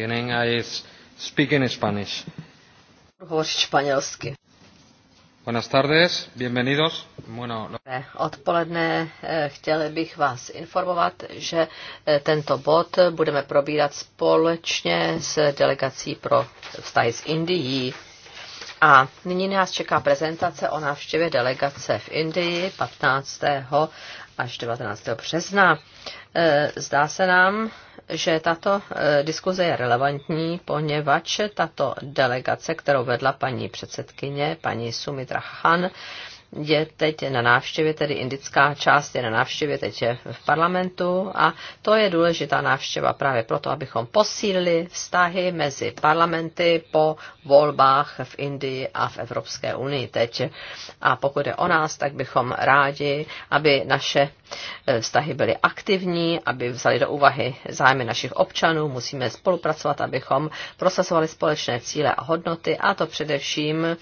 beginning I speak in Spanish. španělsky. Buenas tardes, bienvenidos. Bueno, no. Odpoledne eh, chtěl bych vás informovat, že eh, tento bod budeme probírat společně s delegací pro vztahy z Indií. A nyní nás čeká prezentace o návštěvě delegace v Indii 15. až 19. března. Eh, zdá se nám, že tato eh, diskuze je relevantní, poněvadž tato delegace, kterou vedla paní předsedkyně, paní Sumitra Khan, je teď na návštěvě, tedy indická část je na návštěvě teď je v parlamentu a to je důležitá návštěva právě proto, abychom posílili vztahy mezi parlamenty po volbách v Indii a v Evropské unii teď. A pokud je o nás, tak bychom rádi, aby naše eh, vztahy byly aktivní, aby vzali do úvahy zájmy našich občanů, musíme spolupracovat, abychom prosazovali společné cíle a hodnoty, a to především,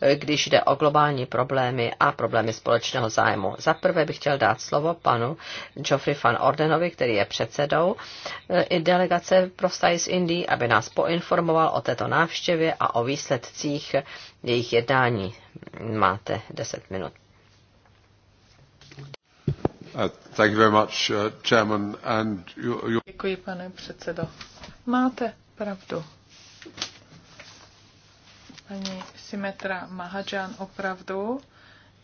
eh, když jde o globální problémy a problémy společného zájmu. Za prvé bych chtěl dát slovo panu Geoffrey van Ordenovi, který je předsedou eh, i delegace pro vztahy z Indii, aby nás poinformoval o této návštěvě a o výsledcích jejich jednání. Máte 10 minut. Uh, uh, Děkuji, pane předsedo. Máte pravdu. Paní Symetra Mahajan opravdu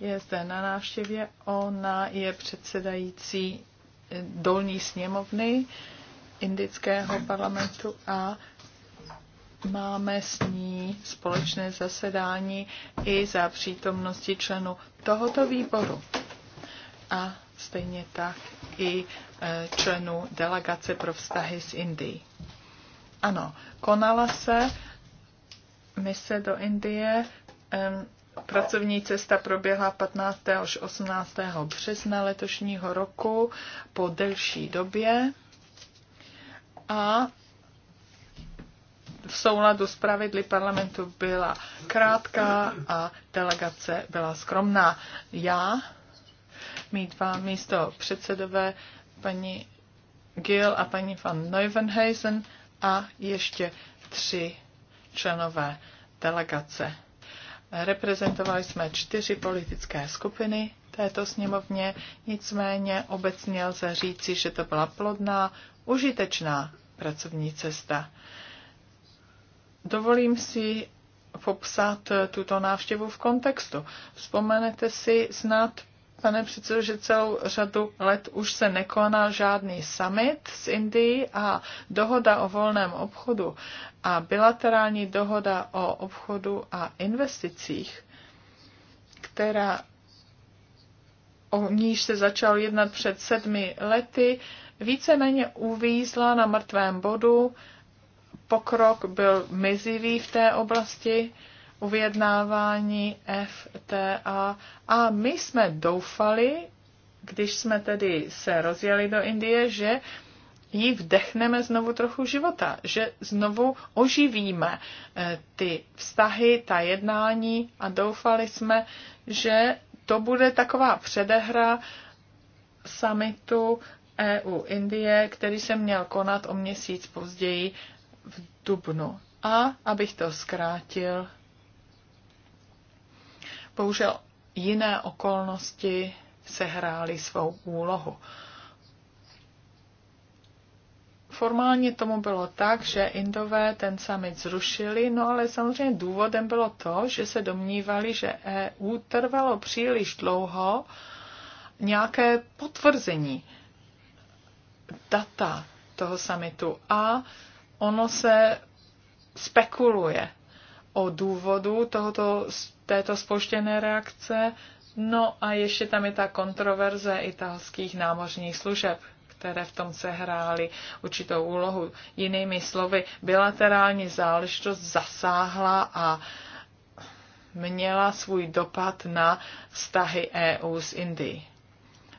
je zde na návštěvě. Ona je předsedající eh, dolní sněmovny indického parlamentu a máme s ní společné zasedání i za přítomnosti členů tohoto výboru a stejně tak i eh, členů delegace pro vztahy s Indií. Ano, konala se mise do Indie Pracovní cesta proběhla 15. až 18. března letošního roku po delší době a v souladu s pravidly parlamentu byla krátká a delegace byla skromná. Já, mý dva místo předsedové, paní Gill a paní van Neuvenhuizen a ještě tři členové delegace. Reprezentovali jsme čtyři politické skupiny této sněmovně, nicméně obecně lze říci, že to byla plodná, užitečná pracovní cesta. Dovolím si popsat tuto návštěvu v kontextu. Vzpomenete si snad pane předsedo, že celou řadu let už se nekonal žádný summit s Indií a dohoda o volném obchodu a bilaterální dohoda o obchodu a investicích, která o níž se začal jednat před sedmi lety, víceméně uvízla na mrtvém bodu. Pokrok byl mizivý v té oblasti uvědnávání FTA a my jsme doufali, když jsme tedy se rozjeli do Indie, že jí vdechneme znovu trochu života, že znovu oživíme eh, ty vztahy, ta jednání a doufali jsme, že to bude taková předehra samitu EU Indie, který se měl konat o měsíc později v Dubnu. A abych to zkrátil, Bohužel jiné okolnosti sehrály svou úlohu. Formálně tomu bylo tak, že Indové ten summit zrušili, no ale samozřejmě důvodem bylo to, že se domnívali, že EU trvalo příliš dlouho nějaké potvrzení data toho summitu a ono se spekuluje o důvodu tohoto, této spoštěné reakce. No a ještě tam je ta kontroverze italských námořních služeb, které v tom sehrály určitou úlohu. Jinými slovy, bilaterální záležitost zasáhla a měla svůj dopad na vztahy EU s Indií.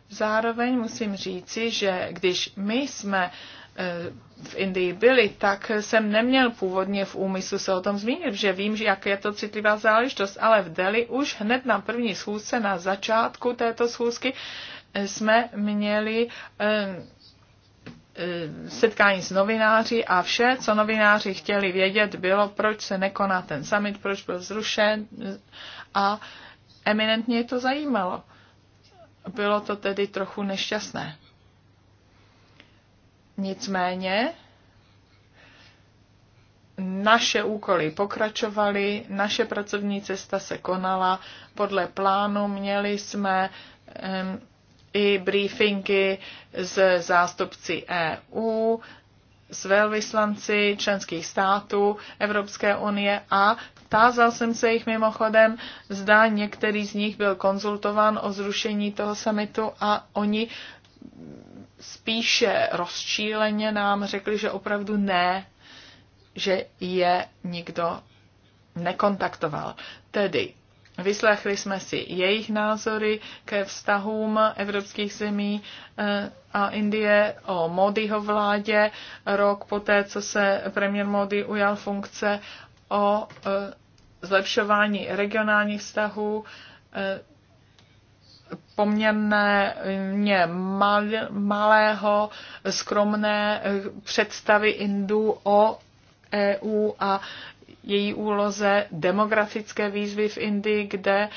Zároveň musím říci, že když my jsme uh, Eh, v Indii byli, tak jsem neměl původně v úmyslu se o tom zmínit, že vím, že jak je to citlivá záležitost, ale v Deli už hned na první schůzce, na začátku této schůzky, eh, jsme měli eh, setkání s novináři a vše, co novináři chtěli vědět, bylo, proč se nekoná ten summit, proč byl zrušen a eminentně je to zajímalo. Bylo to tedy trochu nešťastné. Nicméně naše úkoly pokračovaly, naše pracovní cesta se konala podle plánu, měli jsme um, i briefingy e z zástupci EU, s velvyslanci členských států Evropské unie a tázal jsem se jich mimochodem, zda některý z nich byl konzultován o zrušení toho samitu a oni spíše rozčíleně nám řekli, že opravdu ne, že je nikdo nekontaktoval. Tedy vyslechli jsme si jejich názory ke vztahům evropských zemí eh, a Indie o Modiho vládě rok poté, co se premiér Modi ujal funkce o eh, zlepšování regionálních vztahů eh, poměrně mal, malého, skromné eh, představy Indů o EU a její úloze demografické výzvy v Indii, kde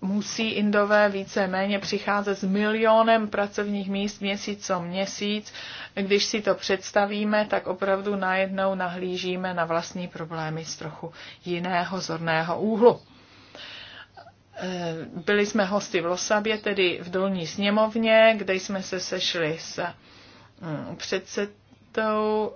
musí Indové více-méně přicházet s milionem pracovních míst měsíc co měsíc. Když si to představíme, tak opravdu najednou nahlížíme na vlastní problémy z trochu jiného zorného úhlu. Eh, byli jsme hosty v Losabě, tedy v Dolní sněmovně, kde jsme se sešli s mm, předsedou,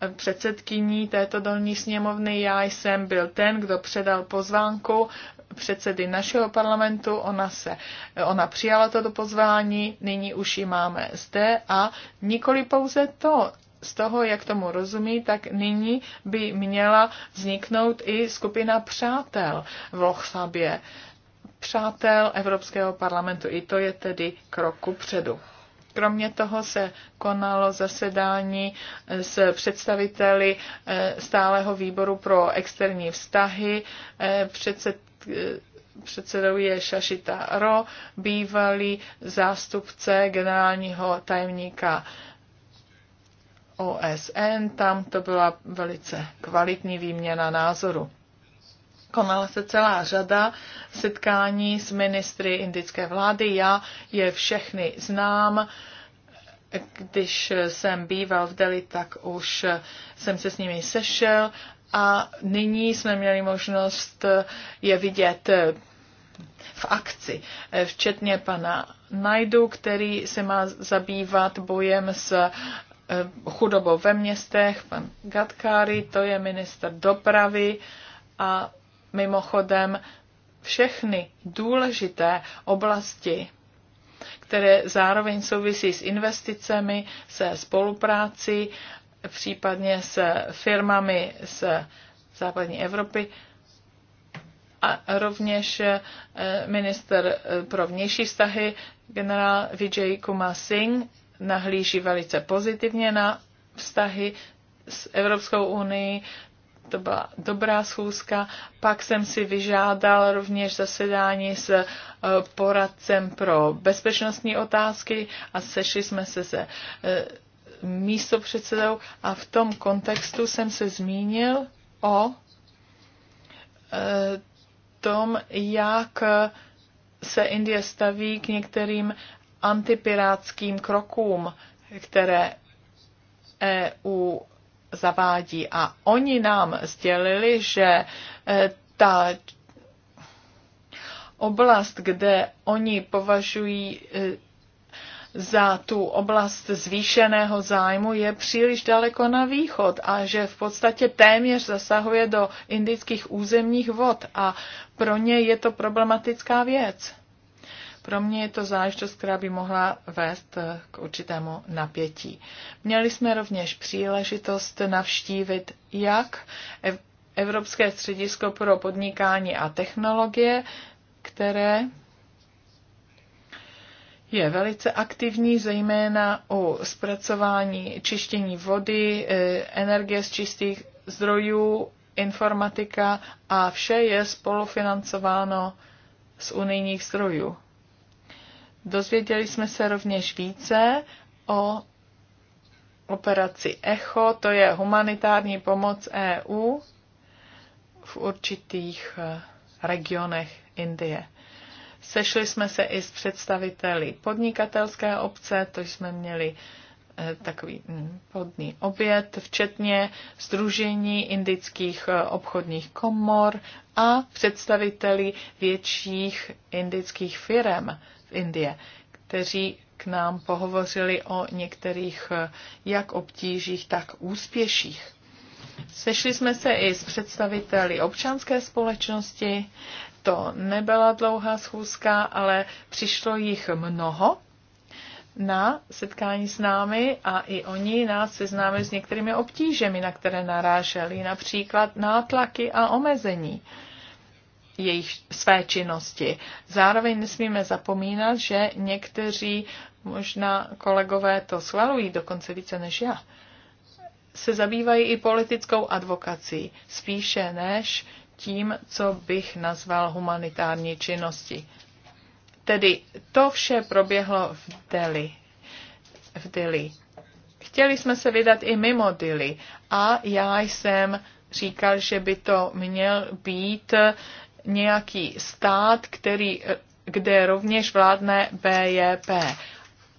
eh, předsedkyní této Dolní sněmovny. Já jsem byl ten, kdo předal pozvánku předsedy našeho parlamentu. Ona, se, ona přijala toto pozvání, nyní už ji máme zde a nikoli pouze to, z toho, jak tomu rozumí, tak nyní by měla vzniknout i skupina přátel v Lochsabě přátel Evropského parlamentu. I to je tedy kroku předu. Kromě toho se konalo zasedání eh, s představiteli eh, stáleho výboru pro externí vztahy. Eh, předsed, předsedou je Šašita Ro, bývalý zástupce generálního tajemníka OSN. Tam to byla velice kvalitní výměna názoru konala se celá řada setkání s ministry indické vlády. Já je všechny znám. Když jsem býval v Delhi, tak už jsem se s nimi sešel a nyní jsme měli možnost je vidět v akci, včetně pana Najdu, který se má zabývat bojem s eh, chudobou ve městech, pan Gadkari, to je minister dopravy a mimochodem všechny důležité oblasti, které zároveň souvisí s investicemi, se spolupráci, případně s firmami z západní Evropy, a rovněž eh, minister eh, pro vnější vztahy generál Vijay Kumar Singh nahlíží velice pozitivně na vztahy s Evropskou unii, to byla dobrá schůzka. Pak jsem si vyžádal rovněž zasedání s eh, poradcem pro bezpečnostní otázky a sešli jsme se se eh, místopředsedou a v tom kontextu jsem se zmínil o eh, tom, jak se Indie staví k některým antipirátským krokům, které EU zavádí. A oni nám sdělili, že eh, ta oblast, kde oni považují eh, za tu oblast zvýšeného zájmu je příliš daleko na východ a že v podstatě téměř zasahuje do indických územních vod a pro ně je to problematická věc. Pro mě je to záležitost, která by mohla vést eh, k určitému napětí. Měli jsme rovněž příležitost navštívit jak Evropské středisko pro podnikání a technologie, které je velice aktivní, zejména u zpracování čištění vody, eh, energie z čistých zdrojů, informatika a vše je spolufinancováno z unijních zdrojů. Dozvěděli jsme se rovněž více o operaci ECHO, to je humanitární pomoc EU v určitých eh, regionech Indie. Sešli jsme se i s představiteli podnikatelské obce, to jsme měli eh, takový hm, podný oběd, včetně Združení indických eh, obchodních komor a představiteli větších indických firm Indie, kteří k nám pohovořili o některých jak obtížích, tak úspěších. Sešli jsme se i s představiteli občanské společnosti. To nebyla dlouhá schůzka, ale přišlo jich mnoho na setkání s námi a i oni nás seznámili s některými obtížemi, na které naráželi, například nátlaky a omezení. Uh, jejich své činnosti. Zároveň nesmíme zapomínat, že někteří, možná kolegové to schvalují dokonce více než já, se zabývají i politickou advokací, spíše než tím, co bych nazval humanitární činnosti. Tedy to vše proběhlo v Deli. V Delhi. Chtěli jsme se vydat i mimo Dili a já jsem říkal, že by to měl být nějaký stát, který, kde rovněž vládne BJP.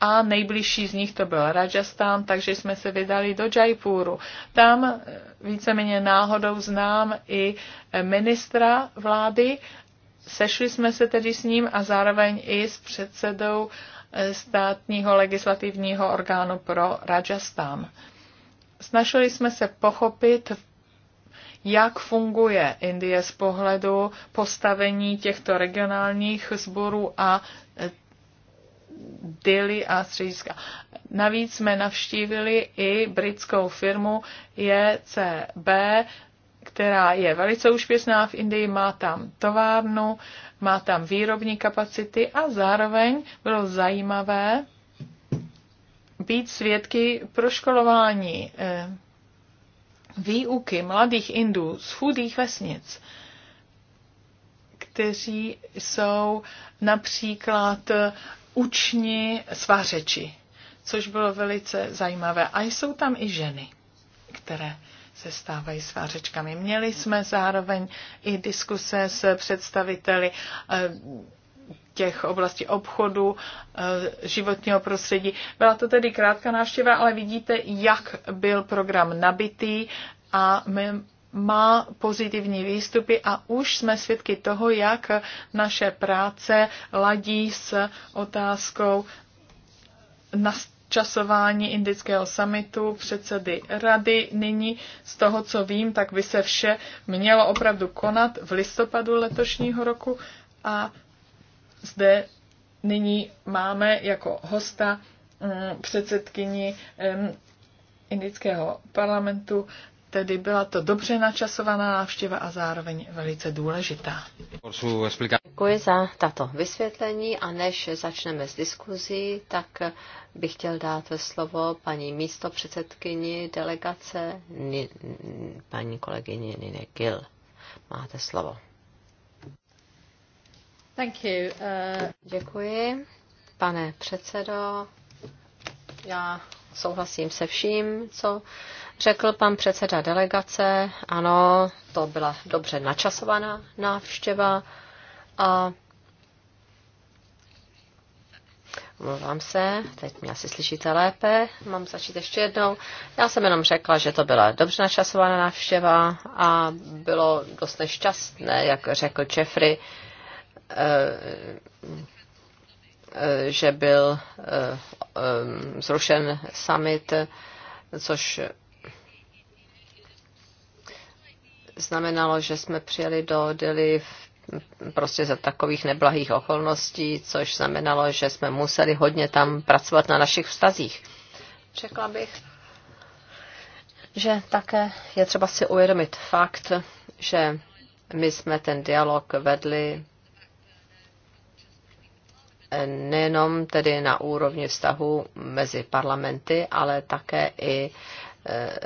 A nejbližší z nich to byl Rajasthan, takže jsme se vydali do Jaipuru. Tam eh, víceméně náhodou znám i eh, ministra vlády. Sešli jsme se tedy s ním a zároveň i s předsedou eh, státního legislativního orgánu pro Rajasthan. Snažili jsme se pochopit v jak funguje Indie z pohledu postavení těchto regionálních sborů a eh, Dili a střediska. Navíc jsme navštívili i britskou firmu JCB, e která je velice úspěšná v Indii, má tam továrnu, má tam výrobní kapacity a zároveň bylo zajímavé být svědky proškolování eh, výuky mladých Indů z chudých vesnic, kteří jsou například učni svařeči, což bylo velice zajímavé. A jsou tam i ženy, které se stávají svářečkami. Měli jsme zároveň i diskuse s představiteli eh, těch oblastí obchodu, eh, životního prostředí. Byla to tedy krátká návštěva, ale vidíte, jak byl program nabitý a my má pozitivní výstupy a už jsme svědky toho, jak naše práce ladí s otázkou časování indického samitu předsedy rady. Nyní z toho, co vím, tak by se vše mělo opravdu konat v listopadu letošního roku a zde nyní máme jako hosta mm, předsedkyni indického parlamentu, tedy byla to dobře načasovaná návštěva a zároveň velice důležitá. Děkuji za tato vysvětlení a než začneme s diskuzí, tak bych chtěl dát slovo paní místo předsedkyni delegace, paní kolegyni Nine Gill. Máte slovo. Thank you. Uh... Děkuji, pane předsedo. Já souhlasím se vším, co řekl pan předseda delegace. Ano, to byla dobře načasovaná návštěva a Mluvám se, teď mě asi slyšíte lépe, mám začít ještě jednou. Já jsem jenom řekla, že to byla dobře načasovaná návštěva a bylo dost nešťastné, jak řekl Jeffrey, že byl eh, zrušen summit, což znamenalo, že jsme přijeli do Dili prostě za takových neblahých okolností, což znamenalo, že jsme museli hodně tam pracovat na našich vztazích. Řekla bych, že také je třeba si uvědomit fakt, že my jsme ten dialog vedli nejenom tedy na úrovni vztahu mezi parlamenty, ale také i eh,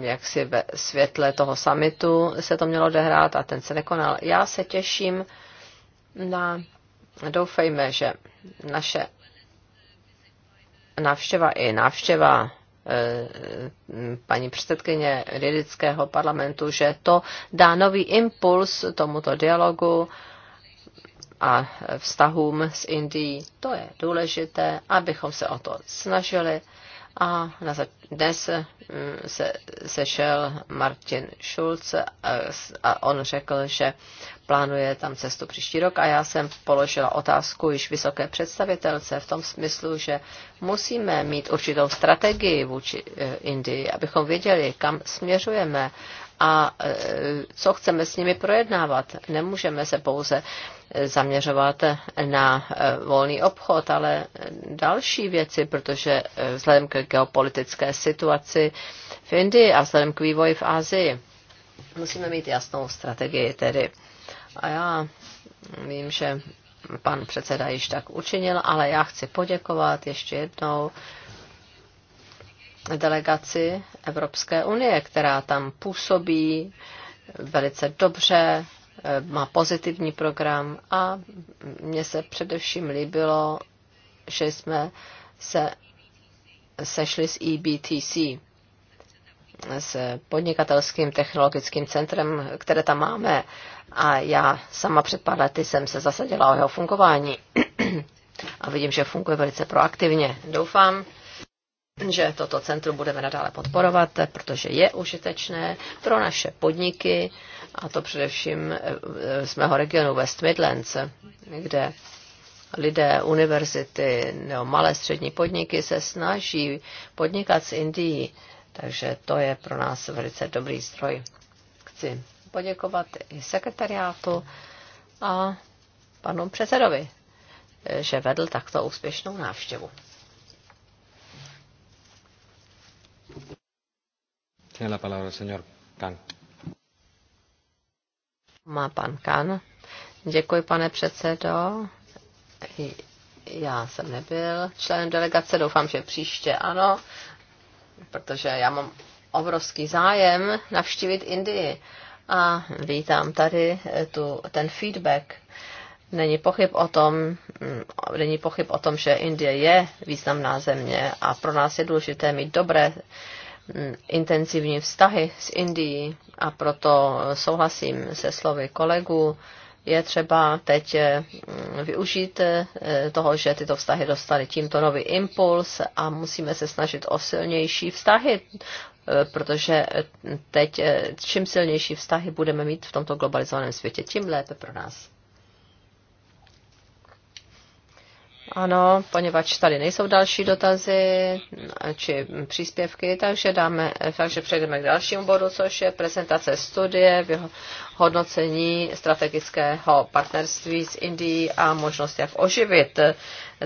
jak si ve světle toho samitu se to mělo odehrát a ten se nekonal. Já se těším na, doufejme, že naše návštěva i návštěva eh, paní předsedkyně Lidického parlamentu, že to dá nový impuls tomuto dialogu, a vztahům s Indií. To je důležité, abychom se o to snažili. A dnes mm, se sešel Martin Schulz eh, a on řekl, že plánuje tam cestu příští rok a já jsem položila otázku již vysoké představitelce v tom smyslu, že musíme mít určitou strategii vůči eh, Indii, abychom věděli, kam směřujeme a e, co chceme s nimi projednávat. Nemůžeme se pouze e, zaměřovat na e, volný obchod, ale další věci, protože vzhledem k geopolitické situaci v Indii a vzhledem k vývoji v Asii musíme mít jasnou strategii tedy. A já vím, že pan předseda již tak učinil, ale já chci poděkovat ještě jednou delegaci Evropské unie, která tam působí velice dobře, eh, má pozitivní program a mně se především líbilo, že jsme se sešli s EBTC, s podnikatelským technologickým centrem, které tam máme. A já sama před pár lety jsem se zasadila o jeho fungování a vidím, že funguje velice proaktivně. Doufám, že toto centrum budeme nadále podporovat, protože je užitečné pro naše podniky, a to především eh, eh, z mého regionu West Midlands, kde lidé, univerzity nebo malé střední podniky se snaží podnikat z Indií, takže to je pro nás velice dobrý stroj. Chci poděkovat i sekretariátu a panu předsedovi, eh, že vedl takto úspěšnou návštěvu. Tiene la palabra el señor Má pan Kan. Děkuji, pane předsedo. Já jsem nebyl členem delegace, doufám, že příště ano, protože já mám obrovský zájem navštívit Indii. A vítám tady eh, tu, ten feedback. Není pochyb o tom, mm, není pochyb o tom, že Indie je významná země a pro nás je důležité mít dobré intenzivní vztahy s Indií a proto souhlasím se slovy kolegů. Je třeba teď eh, využít eh, toho, že tyto vztahy dostaly tímto nový impuls a musíme se snažit o silnější vztahy, eh, protože teď čím silnější vztahy budeme mít v tomto globalizovaném světě, tím lépe pro nás. Ano, poněvadž tady nejsou další dotazy či příspěvky, takže, dáme, takže přejdeme k dalšímu bodu, což je prezentace studie v hodnocení strategického partnerství s Indií a možnost, jak oživit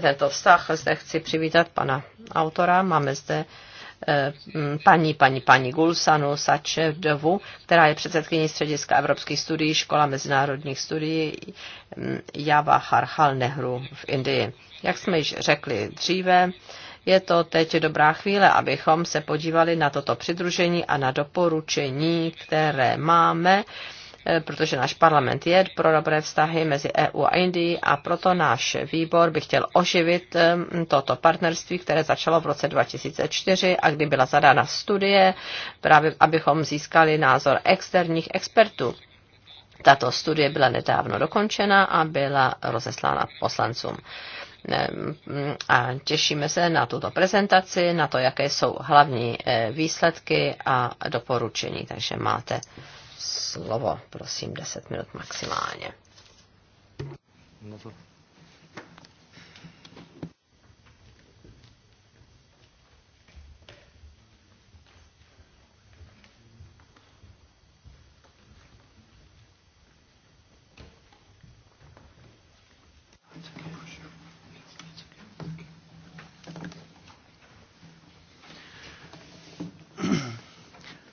tento vztah. Zde chci přivítat pana autora. Máme zde Eh, paní, paní, paní Gulsanu Sačevdovu, která je předsedkyní Střediska evropských studií, Škola mezinárodních studií mm, Java Harhal Nehru v Indii. Jak jsme již řekli dříve, je to teď dobrá chvíle, abychom se podívali na toto přidružení a na doporučení, které máme Eh, protože náš parlament je pro dobré vztahy mezi EU a Indií a proto náš výbor by chtěl oživit eh, toto partnerství, které začalo v roce 2004 a kdy byla zadána studie, právě abychom získali názor externích expertů. Tato studie byla nedávno dokončena a byla rozeslána poslancům eh, a těšíme se na tuto prezentaci, na to, jaké jsou hlavní výsledky a doporučení. Takže máte slovo. Prosím, 10 minut maximálně. No to...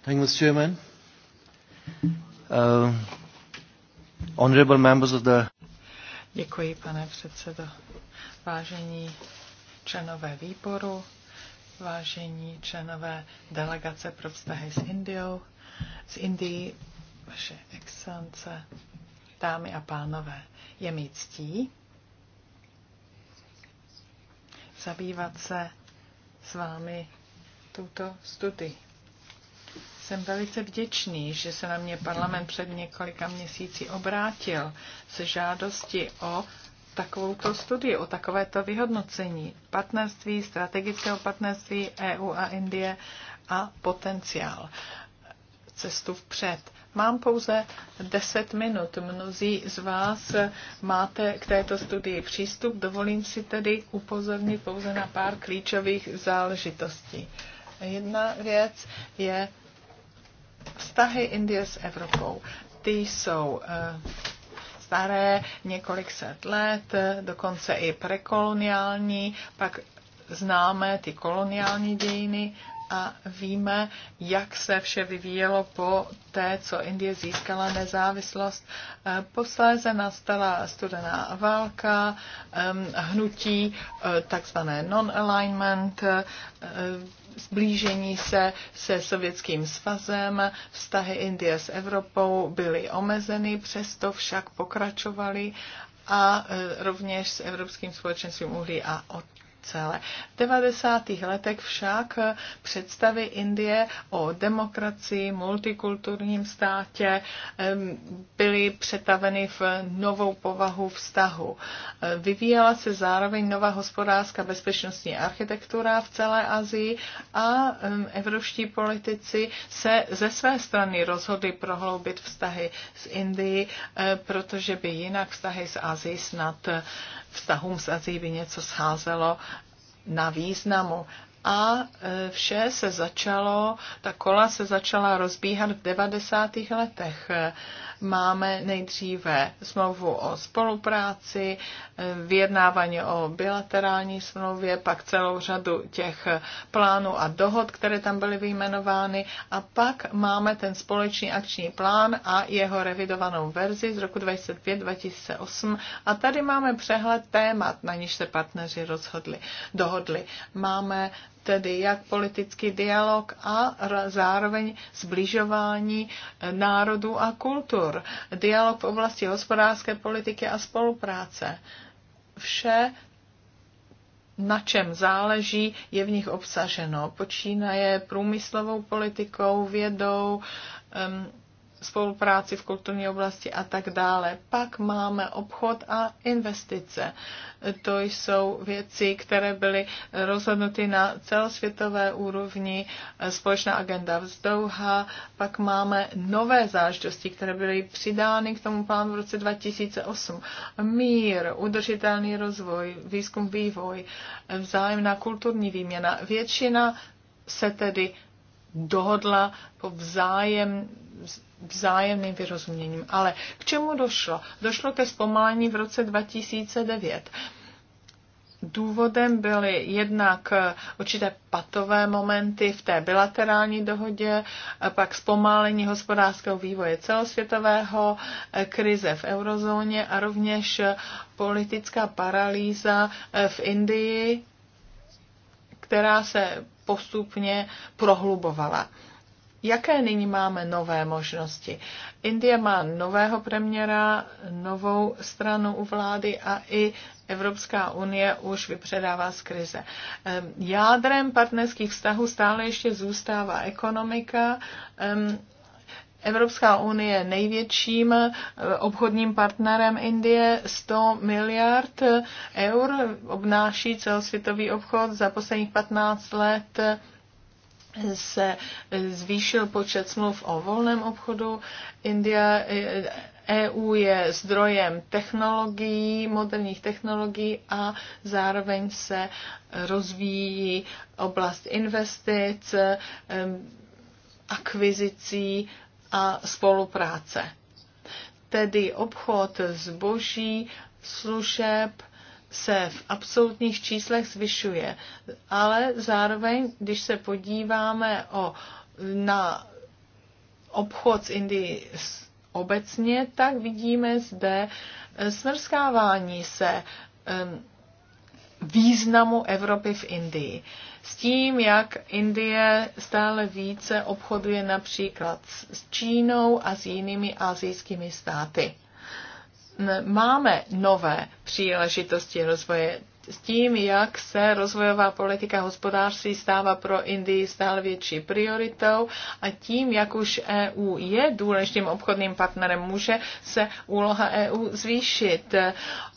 Thank you, Mr. Chairman. Uh, honorable members of the... Děkuji, pane předsedo. Vážení členové výboru, vážení členové delegace pro vztahy s Indiou, z Indii, vaše excelence, dámy a pánové, je mi ctí zabývat se s vámi tuto studii. Jsem velice vděčný, že se na mě parlament před několika měsíci obrátil se žádosti o takovouto studii, o takovéto vyhodnocení partnerství, strategického partnerství EU a Indie a potenciál cestu vpřed. Mám pouze 10 minut. Mnozí z vás máte k této studii přístup. Dovolím si tedy upozornit pouze na pár klíčových záležitostí. Jedna věc je Vztahy Indie s Evropou. Ty jsou eh, staré několik set let, eh, dokonce i prekoloniální, pak známe ty koloniální dějiny a víme, jak se vše vyvíjelo po té, co Indie získala nezávislost. Eh, posléze nastala studená válka, hnutí, takzvané non-alignment, zblížení se se Sovětským svazem, vztahy Indie s Evropou byly omezeny, přesto však pokračovaly a e, rovněž s Evropským společenstvím uhlí a celé. V 90. letech však představy Indie o demokracii, multikulturním státě byly přetaveny v novou povahu vztahu. Vyvíjela se zároveň nová hospodářská bezpečnostní architektura v celé Asii a evropští politici se ze své strany rozhodli prohloubit vztahy s Indií, protože by jinak vztahy s Asií snad vztahům s Azií by něco scházelo na významu a e, vše se začalo, ta kola se začala rozbíhat v 90. letech. Máme nejdříve smlouvu o spolupráci, e, vyjednávání o bilaterální smlouvě, pak celou řadu těch plánů a dohod, které tam byly vyjmenovány a pak máme ten společný akční plán a jeho revidovanou verzi z roku 2005-2008 a tady máme přehled témat, na níž se partneři rozhodli, dohodli. Máme tedy jak politický dialog a zároveň zbližování národů a kultur, dialog v oblasti hospodářské politiky a spolupráce. Vše, na čem záleží, je v nich obsaženo. Počínaje průmyslovou politikou, vědou, um, spolupráci v kulturní oblasti a tak dále. Pak máme obchod a investice. To jsou věci, které byly rozhodnuty na celosvětové úrovni, společná agenda vzdouha, pak máme nové záležitosti, které byly přidány k tomu plánu v roce 2008. Mír, udržitelný rozvoj, výzkum, vývoj, vzájemná kulturní výměna. Většina se tedy dohodla po vzájem, vzájemným vyrozuměním. Ale k čemu došlo? Došlo ke zpomalení v roce 2009. Důvodem byly jednak eh, určité patové momenty v té bilaterální dohodě, eh, pak zpomalení hospodářského vývoje celosvětového, eh, krize v eurozóně a rovněž politická paralýza v Indii, která se postupně prohlubovala. Jaké nyní máme nové možnosti? Indie má nového premiéra, novou stranu u vlády a i Evropská unie už vypředává z krize. Jádrem partnerských vztahů stále ještě zůstává ekonomika. Evropská unie je největším eh, obchodním partnerem Indie. 100 miliard eur obnáší celosvětový obchod za posledních 15 let se zvýšil počet smluv o volném obchodu. India, EU je zdrojem technologií, moderních technologií a zároveň se rozvíjí oblast investic, akvizicí a spolupráce. Tedy obchod zboží, služeb se v absolutních číslech zvyšuje, ale zároveň, když se podíváme o, na obchod s Indií obecně, tak vidíme zde eh, smrskávání se ehm, významu Evropy v Indii. S tím, jak Indie stále více obchoduje například s Čínou a s jinými azijskými státy máme nové příležitosti rozvoje s tím, jak se rozvojová politika hospodářství stává pro Indii stále větší prioritou a tím, jak už EU je důležitým obchodním partnerem, může se úloha EU zvýšit.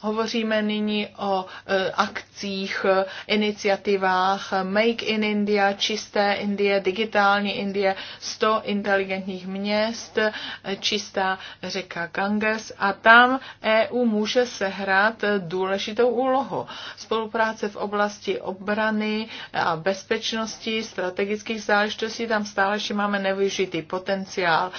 Hovoříme nyní o e, akcích, e, iniciativách Make in India, Čisté Indie, Digitální Indie, 100 inteligentních měst, e, Čistá řeka Ganges a tam EU může sehrát důležitou úlohu Spolupráce v oblasti obrany a bezpečnosti, strategických záležitostí, tam stále ještě máme nevyužitý potenciál,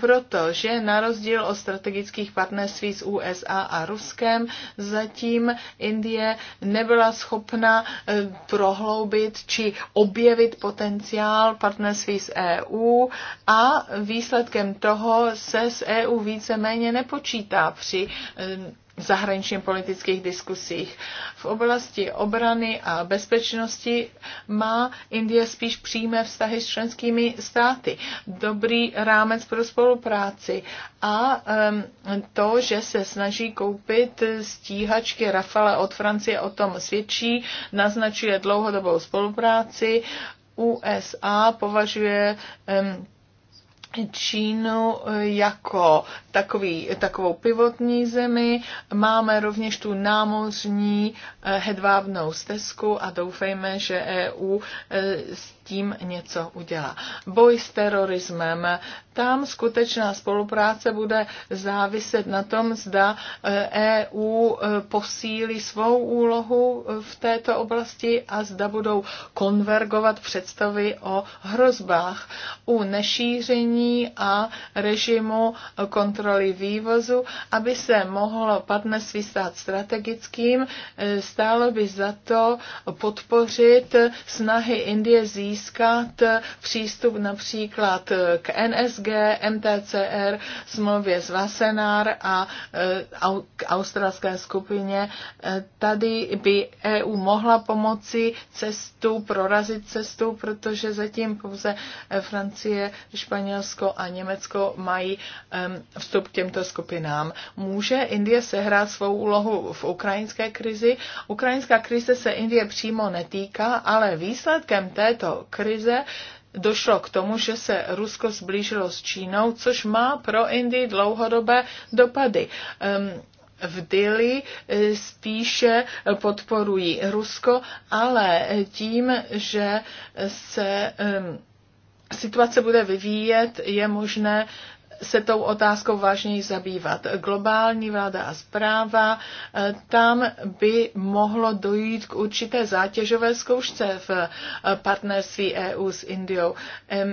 protože na rozdíl od strategických partnerství s USA a Ruskem, zatím Indie nebyla schopna eh, prohloubit či objevit potenciál partnerství s EU a výsledkem toho se s EU víceméně nepočítá při eh, zahraničně politických diskusích. V oblasti obrany a bezpečnosti má Indie spíš přímé vztahy s členskými státy, dobrý rámec pro spolupráci a um, to, že se snaží koupit stíhačky Rafale od Francie, o tom svědčí, naznačuje dlouhodobou spolupráci. USA považuje um, Čínu eh, jako takový, takovou pivotní zemi. Máme rovněž tu námořní eh, hedvábnou stezku a doufejme, že EU eh, s tím něco udělá. Boj s terorismem. Tam skutečná spolupráce bude záviset na tom, zda EU e posílí svou úlohu v této oblasti a zda budou konvergovat představy o hrozbách. U nešíření zdanění a režimu kontroly vývozu, aby se mohlo partnerství stát strategickým. Stálo by za to podpořit snahy Indie získat přístup například k NSG, MTCR, smlouvě z Vasenar a eh, k australské skupině. Tady by EU mohla pomoci cestu, prorazit cestu, protože zatím pouze Francie, Španělsko, Irsko a Německo mají vstup k těmto skupinám. Může Indie sehrát svou úlohu v ukrajinské krizi? Ukrajinská krize se Indie přímo netýká, ale výsledkem této krize došlo k tomu, že se Rusko zblížilo s Čínou, což má pro Indii dlouhodobé dopady. Um, v Dili e, spíše podporují Rusko, ale tím, že se um, situace bude vyvíjet, je možné se tou otázkou vážněji zabývat. Globální vláda a zpráva, eh, tam by mohlo dojít k určité zátěžové zkoušce v eh, partnerství EU s Indiou.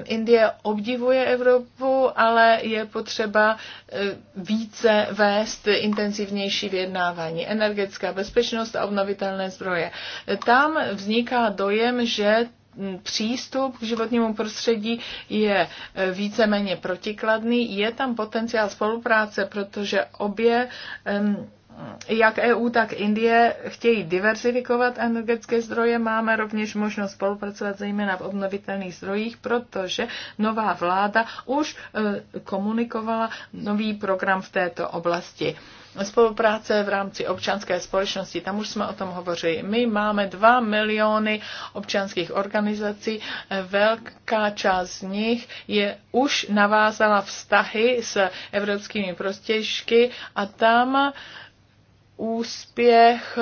Indie obdivuje Evropu, ale je potřeba eh, více vést intenzivnější vyjednávání. Energetická bezpečnost a obnovitelné zdroje. Tam vzniká dojem, že přístup k životnímu prostředí je e, víceméně protikladný. Je tam potenciál spolupráce, protože obě jak EU, tak Indie chtějí diverzifikovat energetické zdroje. Máme rovněž možnost spolupracovat zejména v obnovitelných zdrojích, protože nová vláda už e, komunikovala nový program v této oblasti spolupráce v rámci občanské společnosti, tam už jsme o tom hovořili. My máme 2 miliony občanských organizací, velká část z nich je už navázala vztahy s evropskými prostěžky a tam úspěch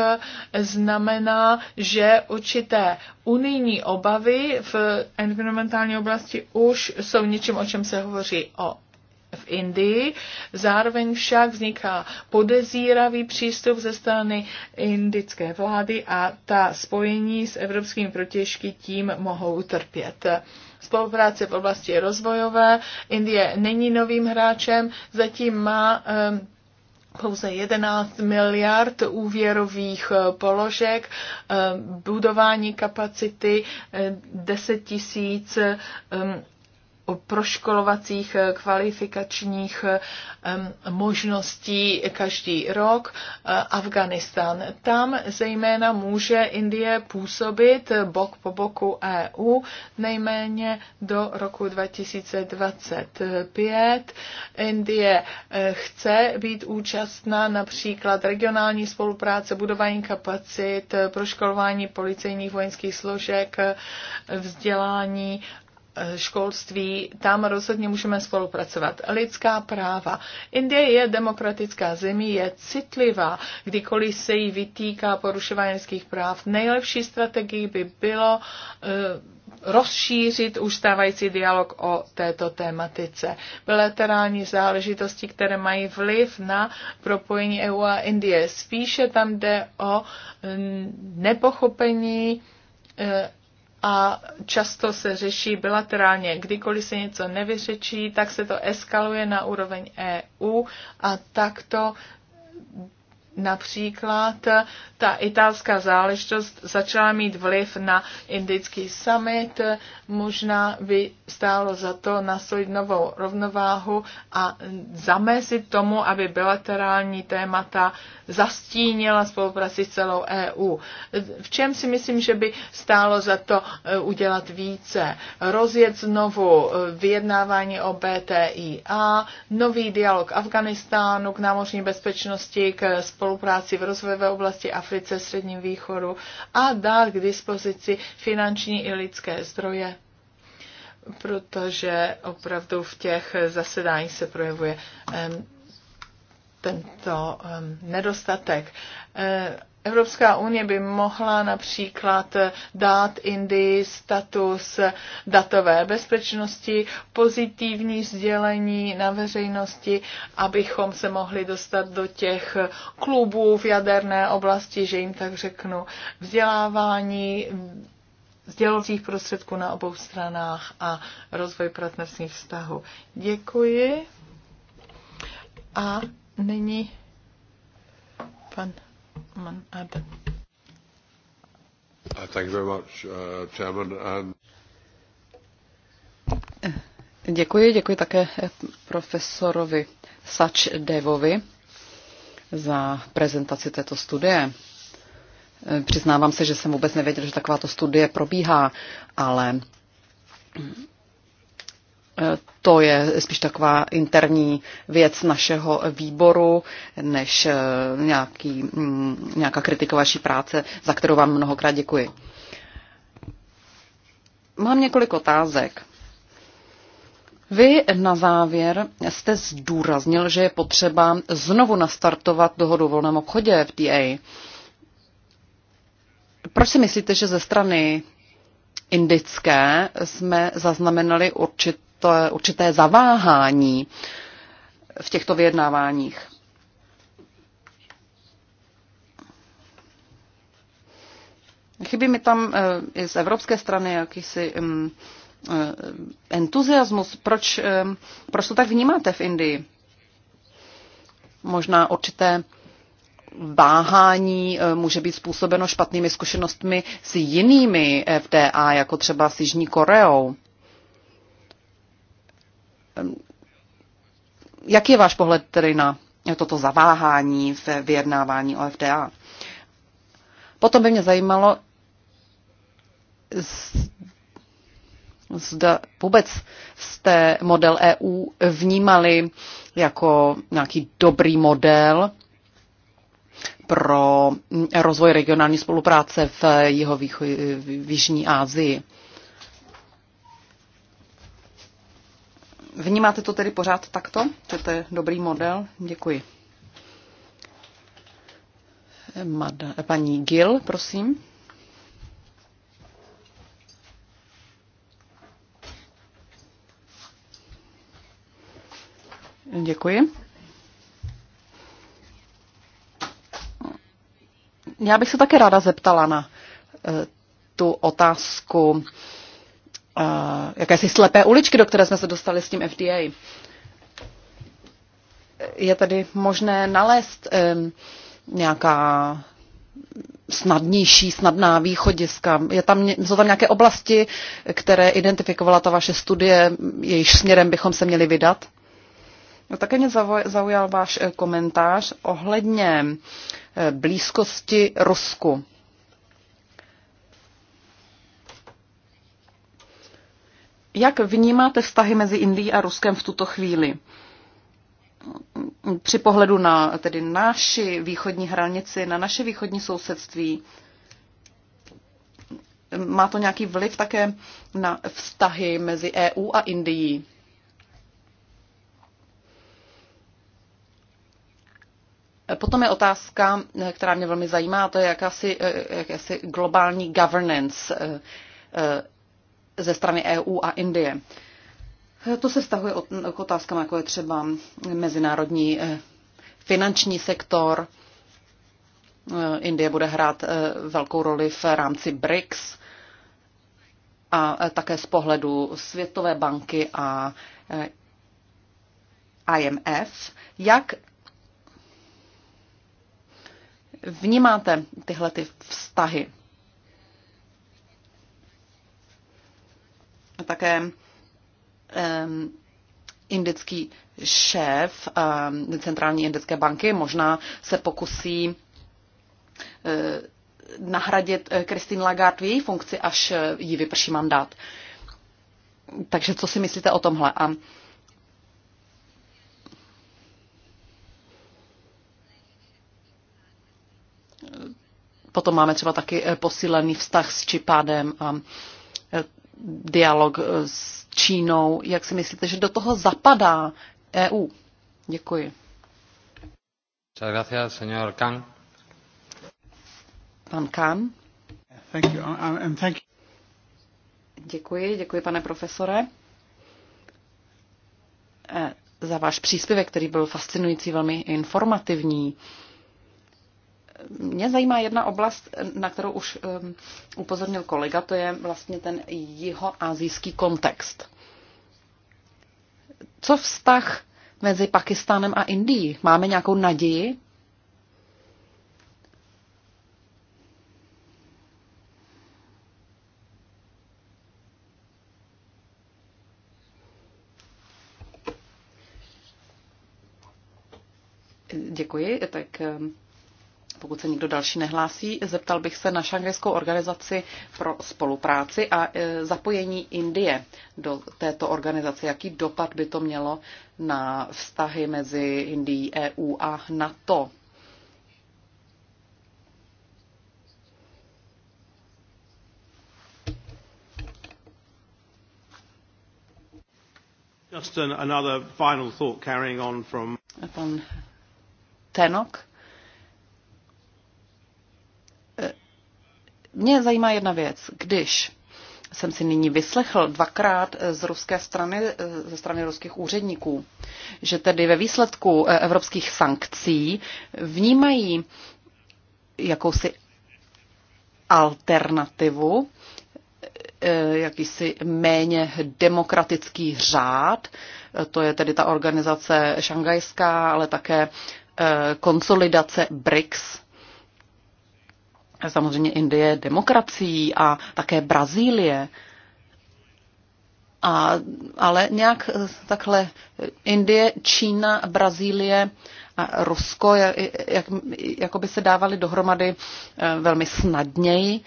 znamená, že určité unijní obavy v environmentální oblasti už jsou něčím, o čem se hovoří o v Indii. Zároveň však vzniká podezíravý přístup ze strany indické vlády a ta spojení s evropskými protěžky tím mohou utrpět spolupráce v oblasti rozvojové. Indie není novým hráčem, zatím má pouze 11 miliard úvěrových eh, položek, eh, budování kapacity 10 eh, tisíc proškolovacích eh, kvalifikačních eh, možností každý rok. Eh, Afganistán. Tam zejména může Indie působit bok po boku EU nejméně do roku 2025. Indie chce být účastná například regionální spolupráce, budování kapacit, proškolování policejních vojenských složek, vzdělání Eh, školství, tam rozhodně můžeme spolupracovat. Lidská práva. Indie je demokratická zemí, je citlivá, kdykoliv se jí vytýká porušování lidských práv. Nejlepší strategií by bylo eh, rozšířit už stávající dialog o této tématice. Bilaterální záležitosti, které mají vliv na propojení EU a Indie. Spíše tam jde o eh, nepochopení a často se řeší bilaterálně. Kdykoliv se něco nevyřečí, tak se to eskaluje na úroveň EU a takto Například ta italská záležitost začala mít vliv na indický summit. Možná by stálo za to nasolit novou rovnováhu a zamezit tomu, aby bilaterální témata zastínila spolupráci s celou EU. V čem si myslím, že by stálo za to eh, udělat více? Rozjet znovu eh, vyjednávání o a nový dialog Afganistánu k námořní bezpečnosti, k spolupráci spolupráci v rozvojové oblasti Africe, Středním východu a dát k dispozici finanční i lidské zdroje, protože opravdu v těch zasedáních se projevuje tento nedostatek Evropská unie by mohla například dát Indii status datové bezpečnosti, pozitivní sdělení na veřejnosti, abychom se mohli dostat do těch klubů v jaderné oblasti, že jim tak řeknu, vzdělávání, sdělovacích prostředků na obou stranách a rozvoj partnerských vztahů. Děkuji. A nyní pan Man uh, Thank you very much, uh, Chairman. Děkuji, děkuji také eh, profesorovi Sač Devovi za prezentaci této studie. Eh, přiznávám se, že jsem vůbec nevěděl, že takováto studie probíhá, ale Eh, to je spíš taková interní věc našeho výboru, než eh, nějaký, mm, nějaká kritika vaší práce, za kterou vám mnohokrát děkuji. Mám několik otázek. Vy na závěr jste zdůraznil, že je potřeba znovu nastartovat dohodu o volném obchodě FDA. Proč si myslíte, že ze strany indické jsme zaznamenali určitě to je určité zaváhání v těchto vyjednáváních. Chybí mi tam eh, i z evropské strany jakýsi mm, eh, entuziasmus. Proč, eh, proč to tak vnímáte v Indii? Možná určité váhání může být způsobeno špatnými zkušenostmi s jinými FDA, jako třeba s Jižní Koreou. Jaký je váš pohled tedy na toto zaváhání v vyjednávání o FDA? Potom by mě zajímalo, zda vůbec jste model EU vnímali jako nějaký dobrý model pro rozvoj regionální spolupráce v, jeho v Jižní Asii. Vnímáte to tedy pořád takto, že to je dobrý model? Děkuji. Mada, paní Gil, prosím. Děkuji. Já bych se také ráda zeptala na eh, tu otázku jakési slepé uličky, do které jsme se dostali s tím FDA. Je tady možné nalézt nějaká snadnější, snadná východiska? Je tam, jsou tam nějaké oblasti, které identifikovala ta vaše studie, jejíž směrem bychom se měli vydat? No, také mě zaujal váš e, komentář ohledně e, blízkosti Rusku. Jak vnímáte vztahy mezi Indií a Ruskem v tuto chvíli? Při pohledu na tedy naši východní hranici, na naše východní sousedství, má to nějaký vliv také na vztahy mezi EU a Indií? Potom je otázka, která mě velmi zajímá, a to je jakási, eh, jakési globální governance eh, eh, ze strany EU a Indie. To se vztahuje k otázkám, jako je třeba mezinárodní eh, finanční sektor. Eh, Indie bude hrát eh, velkou roli v rámci BRICS a také z pohledu Světové banky a IMF. Jak vnímáte tyhle ty vztahy? A také um, indický šéf um, centrální indické banky možná se pokusí uh, nahradit eh, Christine Lagarde v její funkci, až eh, jí vyprší mandát. Takže co si myslíte o tomhle? A potom máme třeba taky posílený vztah s Čipádem a dialog eh, s Čínou. Jak si myslíte, že do toho zapadá EU? Děkuji. Pan Kahn. Děkuji, děkuji pane profesore eh, za váš příspěvek, který byl fascinující, velmi informativní. Mě zajímá jedna oblast, na kterou už um, upozornil kolega, to je vlastně ten jihoazijský kontext. Co vztah mezi Pakistánem a Indií? Máme nějakou naději? Děkuji, tak um, pokud se nikdo další nehlásí, zeptal bych se na Šangajskou organizaci pro spolupráci a e, zapojení Indie do této organizace. Jaký dopad by to mělo na vztahy mezi Indií, EU a NATO? Just an, another final thought carrying on from... Pan Tenok. Mě zajímá jedna věc. Když jsem si nyní vyslechl dvakrát eh, z ruské strany, eh, ze strany ruských úředníků, že tedy ve výsledku eh, evropských sankcí vnímají jakousi alternativu, jakýsi méně demokratický řád, to je tedy ta organizace šangajská, ale také konsolidace BRICS, samozřejmě Indie demokracií a také Brazílie. A, ale nějak eh, takhle Indie, Čína, Brazílie a Rusko jak, jak, jako by se dávaly dohromady eh, velmi snadněji,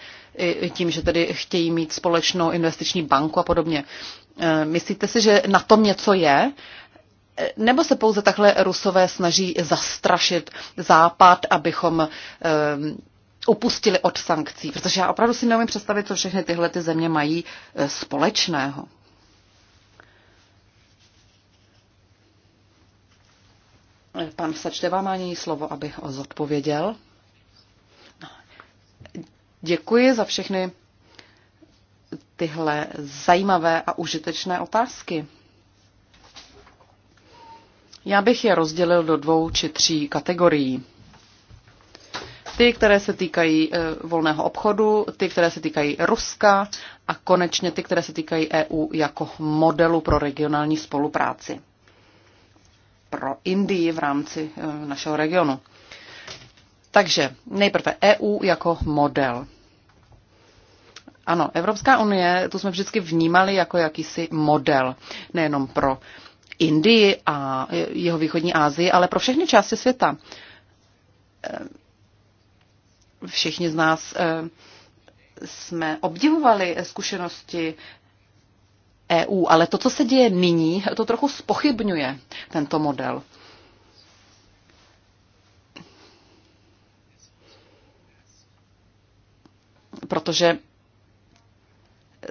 tím, že tedy chtějí mít společnou investiční banku a podobně. Eh, myslíte si, že na tom něco je? Nebo se pouze takhle rusové snaží zastrašit Západ, abychom upustili od sankcí, protože já opravdu si neumím představit, co všechny tyhle ty země mají e, společného. Pan Sačdeva má něj slovo, aby ho zodpověděl. Děkuji za všechny tyhle zajímavé a užitečné otázky. Já bych je rozdělil do dvou či tří kategorií ty, které se týkají eh, volného obchodu, ty, které se týkají Ruska a konečně ty, které se týkají EU jako modelu pro regionální spolupráci pro Indii v rámci eh, našeho regionu. Takže nejprve EU jako model. Ano, Evropská unie, tu jsme vždycky vnímali jako jakýsi model, nejenom pro Indii a jeho východní Asii, ale pro všechny části světa. Eh, Všichni z nás eh, jsme obdivovali zkušenosti EU, ale to, co se děje nyní, to trochu spochybňuje tento model. Protože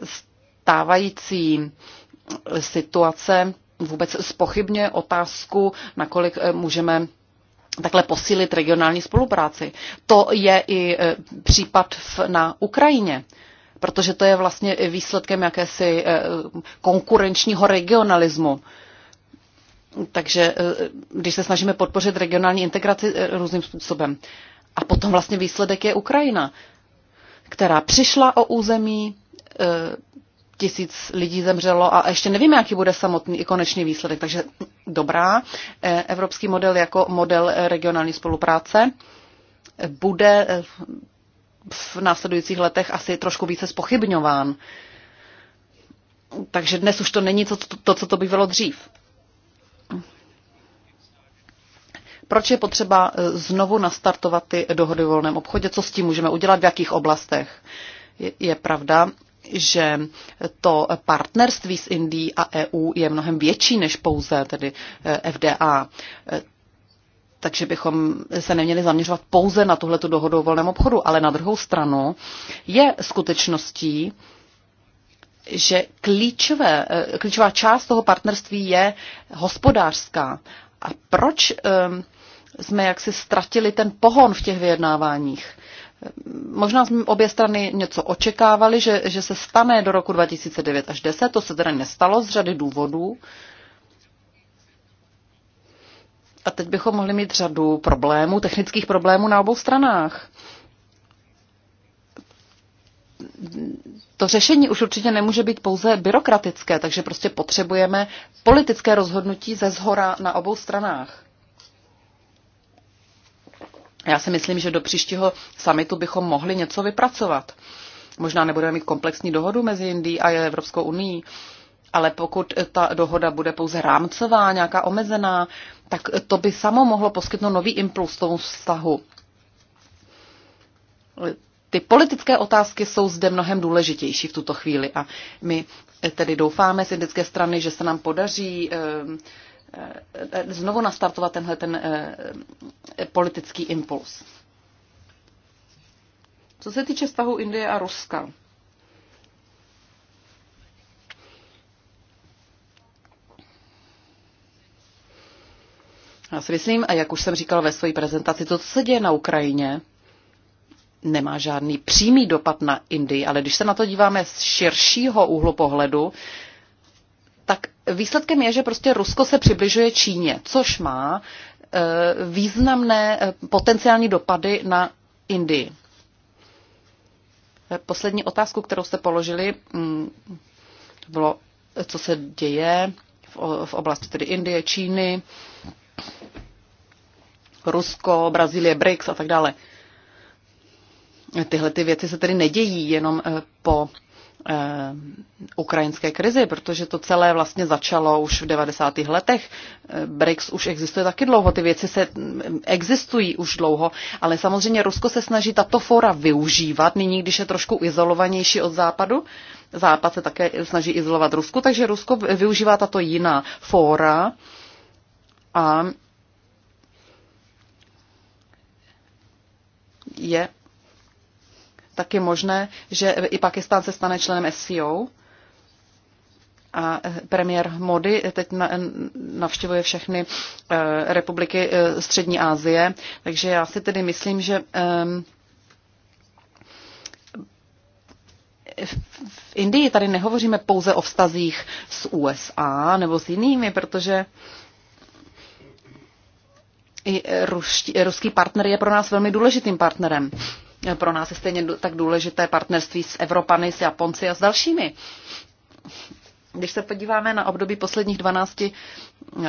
stávající situace vůbec spochybňuje otázku, nakolik eh, můžeme takhle posílit regionální spolupráci. To je i e, případ na Ukrajině protože to je vlastně výsledkem jakési e, konkurenčního regionalismu. Takže e, když se snažíme podpořit regionální integraci různým způsobem. A potom vlastně výsledek je Ukrajina, která přišla o území, tisíc lidí zemřelo a ještě nevíme, jaký bude samotný i konečný výsledek. Takže dobrá, e, evropský model jako model regionální spolupráce bude e, v následujících letech asi trošku více spochybňován. Takže dnes už to není to, to, co to bývalo dřív. Proč je potřeba e, znovu nastartovat ty dohody o volném obchodě? Co s tím můžeme udělat? V jakých oblastech? Je, je pravda, že to partnerství s Indií a EU je mnohem větší než pouze tedy eh, FDA. Eh, takže bychom se neměli zaměřovat pouze na tuhletu dohodu o volném obchodu, ale na druhou stranu je skutečností, že klíčové, eh, klíčová část toho partnerství je hospodářská. A proč um, jsme jaksi ztratili ten pohon v těch vyjednáváních? Možná jsme obě strany něco očekávali, že, že se stane do roku 2009 až 10, to se teda nestalo z řady důvodů. A teď bychom mohli mít řadu problémů, technických problémů na obou stranách. To řešení už určitě nemůže být pouze byrokratické, takže prostě potřebujeme politické rozhodnutí ze zhora na obou stranách. Já si myslím, že do příštího samitu bychom mohli něco vypracovat. Možná nebudeme mít komplexní dohodu mezi Indií a Evropskou unii, ale pokud ta dohoda bude pouze rámcová, nějaká omezená, tak to by samo mohlo poskytnout nový impuls tomu vztahu. Ty politické otázky jsou zde mnohem důležitější v tuto chvíli a my tedy doufáme z indické strany, že se nám podaří eh, Eh, znovu nastartovat tenhle ten eh, politický impuls. Co se týče vztahu Indie a Ruska, Já si myslím, a jak už jsem říkal ve své prezentaci, to, co se děje na Ukrajině, nemá žádný přímý dopad na Indii, ale když se na to díváme z širšího úhlu pohledu, tak výsledkem je, že prostě Rusko se přibližuje Číně, což má e, významné e, potenciální dopady na Indii. E, poslední otázku, kterou jste položili, to mm, bylo, co se děje v oblasti tedy Indie, Číny, Rusko, Brazílie, BRICS a tak dále. Tyhle ty věci se tedy nedějí jenom po Eh, ukrajinské krizi, protože to celé vlastně začalo už v 90. letech. Eh, BRICS už existuje taky dlouho, ty věci se mm, existují už dlouho, ale samozřejmě Rusko se snaží tato fora využívat, nyní když je trošku izolovanější od západu. Západ se také snaží izolovat Rusku, takže Rusko využívá tato jiná fóra a je je možné, že i Pakistán se stane členem SCO. A eh, premiér Modi teď eh, navštěvuje všechny eh, republiky Střední Asie. Takže já si tedy myslím, že ehm, v Indii tady nehovoříme pouze o vztazích s USA nebo s jinými, protože i ruští, ruský partner je pro nás velmi důležitým partnerem. Pro nás je stejně tak důležité partnerství s Evropany, s Japonci a s dalšími. Když se podíváme na období posledních 12 eh,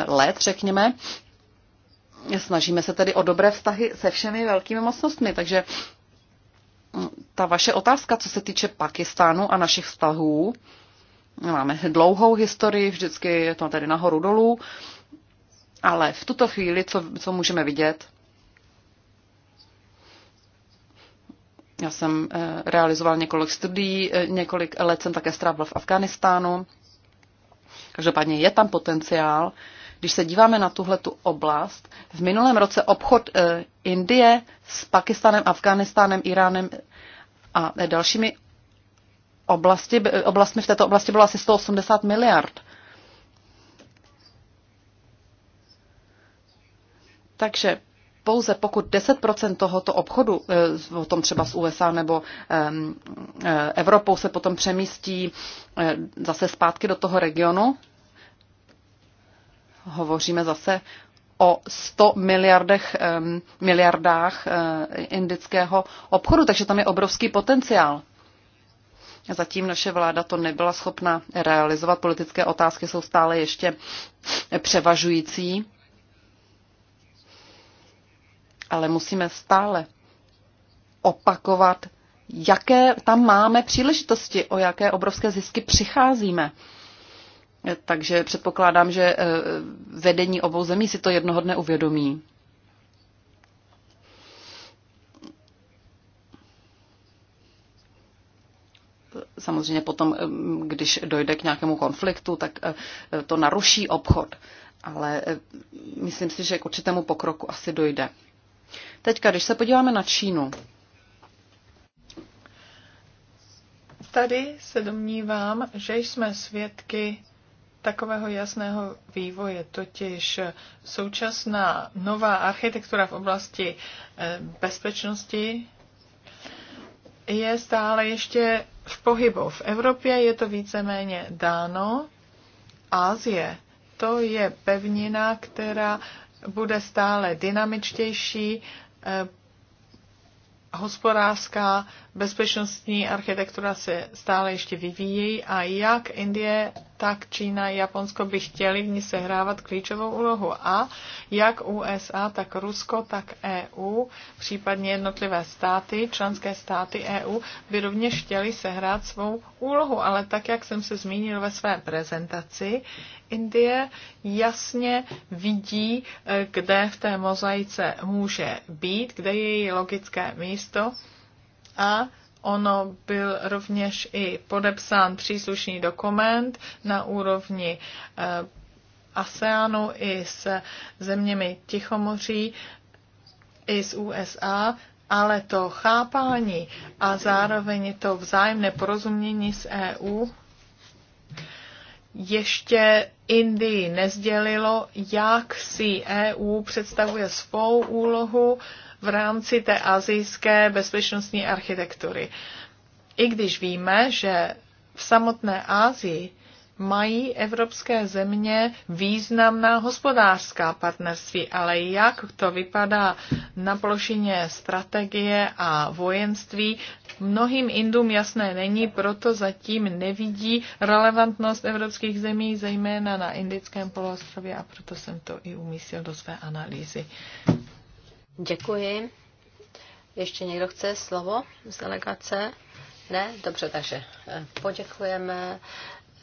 let, řekněme, snažíme se tedy o dobré vztahy se všemi velkými mocnostmi, takže hm, ta vaše otázka, co se týče Pakistánu a našich vztahů, máme dlouhou historii, vždycky je to tedy nahoru dolů, ale v tuto chvíli, co, co můžeme vidět, Já jsem eh, realizoval několik studií, eh, několik let jsem také strávil v Afganistánu. Každopádně je tam potenciál. Když se díváme na tuhle tu oblast, v minulém roce obchod eh, Indie s Pakistanem, Afganistánem, Iránem a dalšími oblasti, oblastmi v této oblasti bylo asi 180 miliard. Takže pouze pokud 10% tohoto obchodu, potom eh, třeba z USA nebo eh, Evropou, se potom přemístí eh, zase zpátky do toho regionu, hovoříme zase o 100 miliardech, miliardách indického obchodu, takže tam je obrovský potenciál. Zatím naše vláda to nebyla schopna realizovat. Politické otázky jsou stále ještě převažující ale musíme stále opakovat, jaké tam máme příležitosti, o jaké obrovské zisky přicházíme. Takže předpokládám, že eh, vedení obou zemí si to jednoho dne uvědomí. Samozřejmě potom, eh, když dojde k nějakému konfliktu, tak eh, to naruší obchod. Ale myslím si, že k určitému pokroku asi dojde. Teďka, když se podíváme na Čínu. Tady se domnívám, že jsme svědky takového jasného vývoje, totiž současná nová architektura v oblasti eh, bezpečnosti je stále ještě v pohybu. V Evropě je to víceméně dáno. Ázie, to je pevnina, která bude stále dynamičtější, eh, hospodářská bezpečnostní architektura se stále ještě vyvíjí a jak Indie tak Čína i Japonsko by chtěli v ní sehrávat klíčovou úlohu. A jak USA, tak Rusko, tak EU, případně jednotlivé státy, členské státy EU, by rovněž chtěli sehrát svou úlohu. Ale tak, jak jsem se zmínil ve své prezentaci, Indie jasně vidí, eh, kde v té mozaice může být, kde je její logické místo a ono byl rovněž i podepsán příslušný dokument na úrovni eh, ASEANu i s zeměmi Tichomoří, i s USA, ale to chápání a zároveň to vzájemné porozumění s EU ještě Indii nezdělilo, jak si EU představuje svou úlohu v rámci té azijské bezpečnostní architektury. I když víme, že v samotné Asii mají evropské země významná hospodářská partnerství, ale jak to vypadá na plošině strategie a vojenství, mnohým Indům jasné není, proto zatím nevidí relevantnost evropských zemí, zejména na indickém poloostrově a proto jsem to i umístil do své analýzy. Děkuji. Ještě někdo chce slovo z delegace? Ne? Dobře, takže eh, poděkujeme.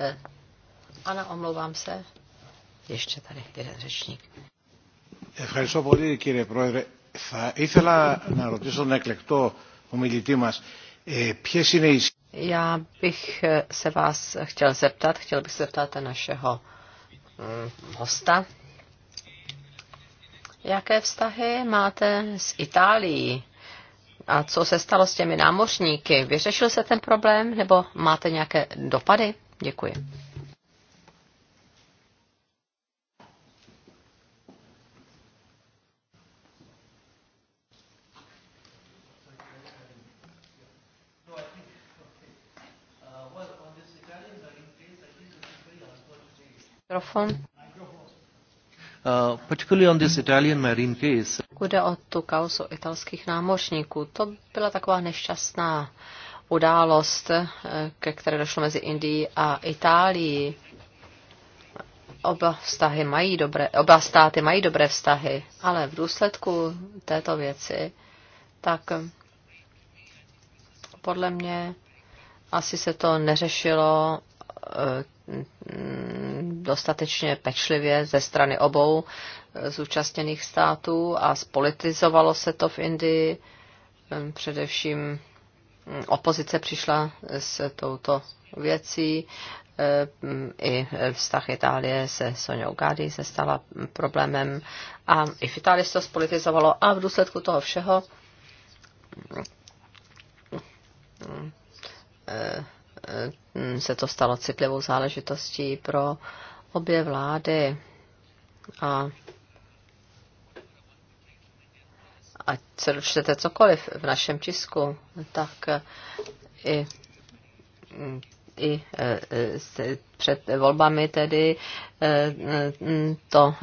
Eh, ano, omlouvám se. Ještě tady jeden řečník. Já bych se vás chtěl zeptat, chtěl bych se zeptat našeho hm, hosta, Jaké vztahy máte s Itálií? A co se stalo s těmi námořníky? Vyřešil se ten problém nebo máte nějaké dopady? Děkuji. Mikrofon. Uh, particularly on this Italian marine case. Kde o tu kauzu italských námořníků, to byla taková nešťastná událost, eh, ke které došlo mezi Indií a Itálií. Oba, vztahy mají dobré, oba státy mají dobré vztahy, ale v důsledku této věci, tak podle mě asi se to neřešilo eh, dostatečně pečlivě ze strany obou zúčastněných států a spolitizovalo se to v Indii. Ehm, především mm, opozice přišla s touto věcí. Ehm, I vztah Itálie se Soňou Gadi se stala problémem a i v Itálii se to spolitizovalo a v důsledku toho všeho ehm, se to stalo citlivou záležitostí pro obě vlády a ať se dočtete cokoliv v našem tisku, tak i, i e, e, před volbami tedy e, to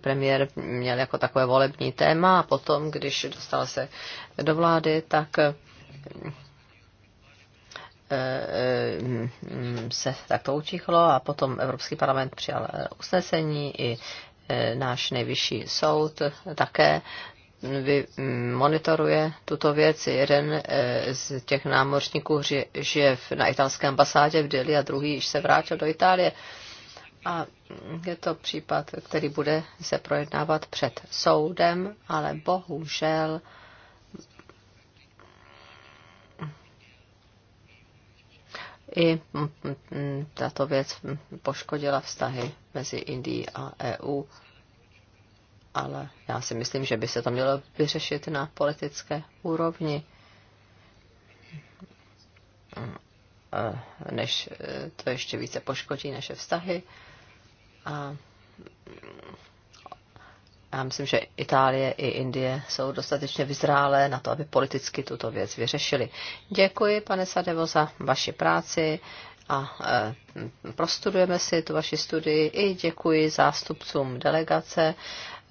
premiér měl jako takové volební téma a potom, když dostal se do vlády, tak se tak to učichlo a potom Evropský parlament přijal eh, usnesení i eh, náš nejvyšší soud také mm, monitoruje tuto věc. Jeden eh, z těch námořníků žije na italské ambasádě v Dili a druhý již se vrátil do Itálie. A je to případ, který bude se projednávat před soudem, ale bohužel eh, i mm, mm, tato věc poškodila vztahy mezi Indií a EU. Ale já si myslím, že by se to mělo vyřešit na politické úrovni, mm, eh, než eh, to ještě více poškodí naše vztahy. A já myslím, že Itálie i Indie jsou dostatečně vyzrálé na to, aby politicky tuto věc vyřešili. Děkuji, pane Sadevo, za vaši práci a eh, prostudujeme si tu vaši studii i děkuji zástupcům delegace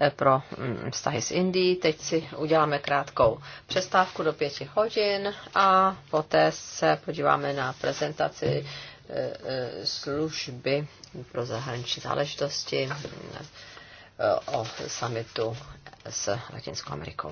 eh, pro mm, vztahy s Indií. Teď si uděláme krátkou přestávku do pěti hodin a poté se podíváme na prezentaci eh, služby pro zahraniční záležitosti. Eh, o summitu s Latinskou Amerikou.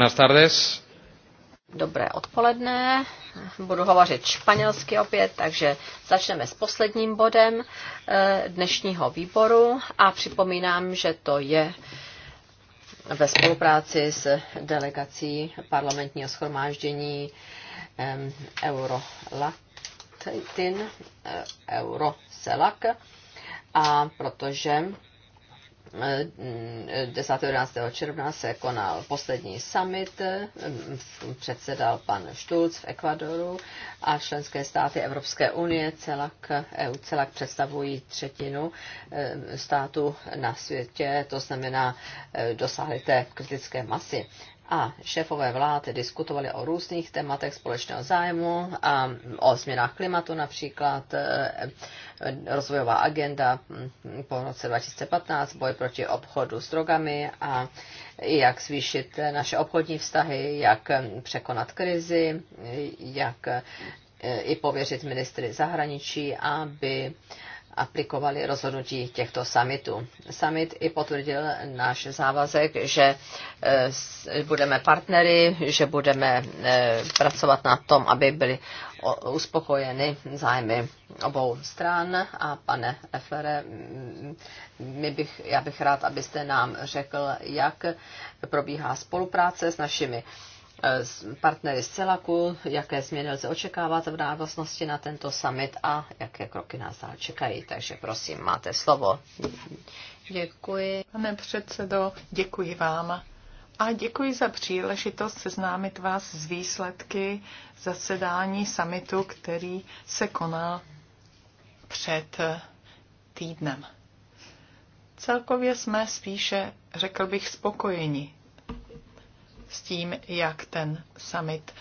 Buenas tardes. Dobré odpoledne. Budu hovořit španělsky opět, takže začneme s posledním bodem eh, dnešního výboru a připomínám, že to je ve spolupráci s delegací parlamentního schromáždění eh, Eurolatin, eh, Eurocelak a protože 10. Eh, 11. Mm, června se konal poslední summit, eh, předsedal pan Štulc v Ekvadoru a členské státy Evropské unie celak, EU eh, celak představují třetinu států na světě, to znamená dosáhli té kritické masy a šéfové vlád diskutovali o různých tématech společného zájmu a o změnách klimatu například e, e, rozvojová agenda mm, po roce 2015, boj proti obchodu s drogami a jak zvýšit naše obchodní vztahy, jak překonat krizi, jak e, i pověřit ministry zahraničí, aby aplikovali rozhodnutí těchto summitů. Summit i potvrdil náš závazek, že eh, budeme partnery, že budeme eh, pracovat na tom, aby byly uspokojeny zájmy obou stran. A pane Eflere, mm, my bych, já bych rád, abyste nám řekl, jak probíhá spolupráce s našimi partnery z CELAKu, jaké změny lze očekávat v návaznosti na tento summit a jaké kroky nás dál čekají. Takže prosím, máte slovo. Děkuji. Pane předsedo, děkuji vám. A děkuji za příležitost seznámit vás s výsledky zasedání summitu, který se konal před týdnem. Celkově jsme spíše, řekl bych, spokojeni s tím, jak ten summit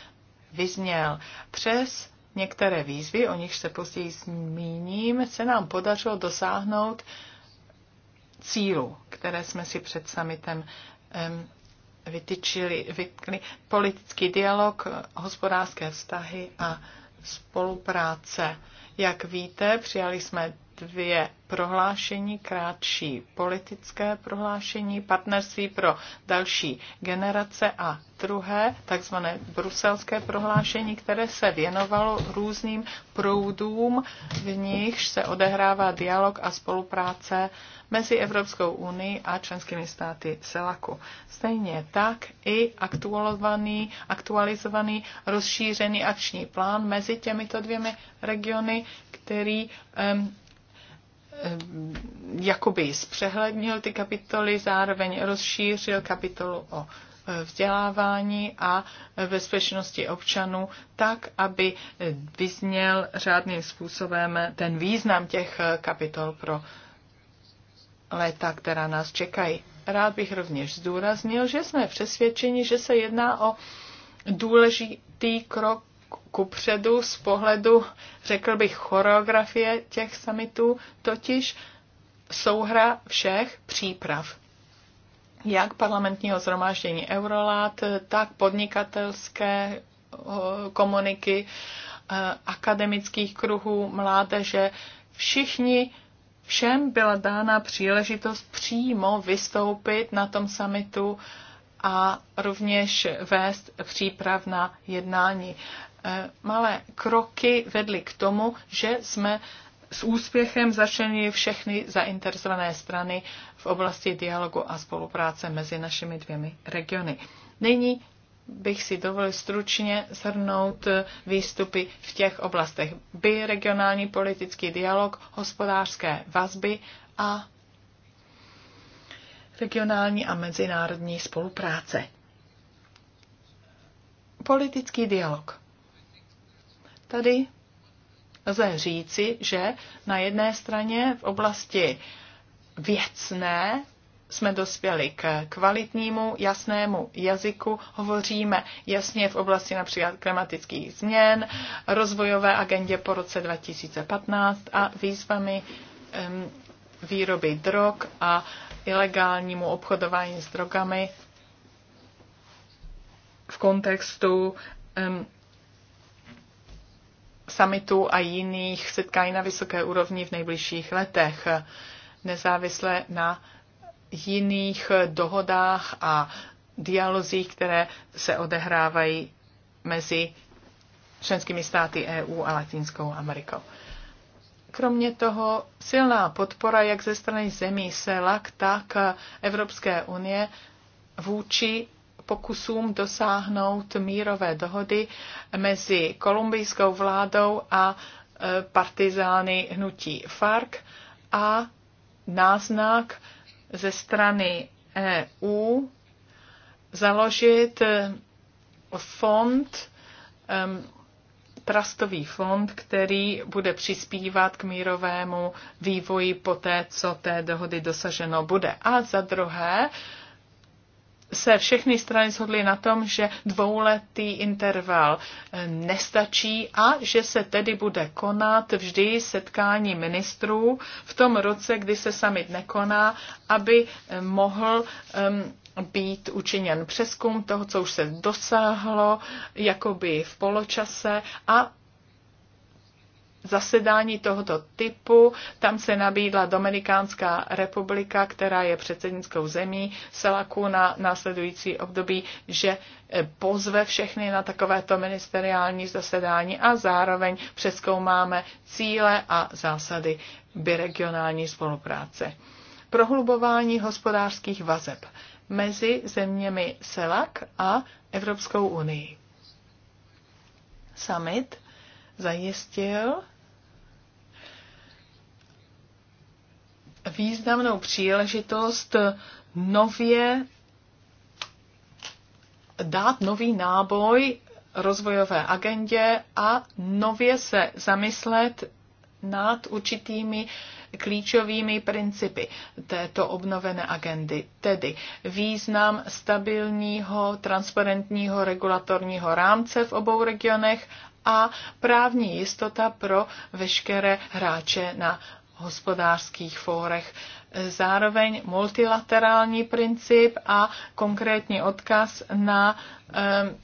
vyzněl. Přes některé výzvy, o nich se později zmíním, se nám podařilo dosáhnout cílu, které jsme si před summitem um, vytyčili, vytkli. politický dialog, hospodářské vztahy a spolupráce. Jak víte, přijali jsme dvě prohlášení, krátší politické prohlášení, partnerství pro další generace a druhé, takzvané bruselské prohlášení, které se věnovalo různým proudům, v nichž se odehrává dialog a spolupráce mezi Evropskou unii a členskými státy SELAKu. Stejně tak i aktualizovaný, aktualizovaný rozšířený akční plán mezi těmito dvěmi regiony, který um, Eh, jakoby zpřehlednil ty kapitoly, zároveň rozšířil kapitolu o eh, vzdělávání a eh, bezpečnosti občanů tak, aby vyzněl řádným způsobem ten význam těch kapitol pro léta, která nás čekají. Rád bych rovněž zdůraznil, že jsme přesvědčeni, že se jedná o důležitý krok kupředu z pohledu, řekl bych, choreografie těch summitů, totiž souhra všech příprav. Jak parlamentního zhromáždění Eurolat, tak podnikatelské eh, komuniky, eh, akademických kruhů, mládeže, všichni všem byla dána příležitost přímo vystoupit na tom summitu a rovněž vést příprav na jednání. Eh, malé kroky vedly k tomu, že jsme s úspěchem začlenili všechny zainteresované strany v oblasti dialogu a spolupráce mezi našimi dvěmi regiony. Nyní bych si dovolil stručně shrnout eh, výstupy v těch oblastech by regionální politický dialog, hospodářské vazby a regionální a mezinárodní spolupráce. Politický dialog Tady lze říci, že na jedné straně v oblasti věcné jsme dospěli k kvalitnímu, jasnému jazyku. Hovoříme jasně v oblasti například klimatických změn, rozvojové agendě po roce 2015 a výzvami um, výroby drog a ilegálnímu obchodování s drogami v kontextu um, summitů a jiných setkání na vysoké úrovni v nejbližších letech, nezávisle na jiných dohodách a dialozích, které se odehrávají mezi členskými státy EU a Latinskou Amerikou. Kromě toho silná podpora jak ze strany zemí SELAC, tak Evropské unie vůči pokusům dosáhnout mírové dohody mezi kolumbijskou vládou a e, partizány hnutí FARC a náznak ze strany EU založit e, fond, e, trustový fond, který bude přispívat k mírovému vývoji po té, co té dohody dosaženo bude. A za druhé, se všechny strany shodly na tom, že dvouletý interval eh, nestačí a že se tedy bude konat vždy setkání ministrů v tom roce, kdy se summit nekoná, aby eh, mohl um, být učiněn přeskum toho, co už se dosáhlo, jakoby v poločase a zasedání tohoto typu. Tam se nabídla Dominikánská republika, která je předsednickou zemí Selaku na následující období, že eh, pozve všechny na takovéto ministeriální zasedání a zároveň přeskoumáme cíle a zásady biregionální spolupráce. Prohlubování hospodářských vazeb mezi zeměmi SELAC a Evropskou unii. Summit zajistil významnou příležitost nově dát nový náboj rozvojové agendě a nově se zamyslet nad určitými klíčovými principy této obnovené agendy, tedy význam stabilního, transparentního regulatorního rámce v obou regionech a právní jistota pro veškeré hráče na hospodářských fórech. Zároveň multilaterální princip a konkrétní odkaz na eh,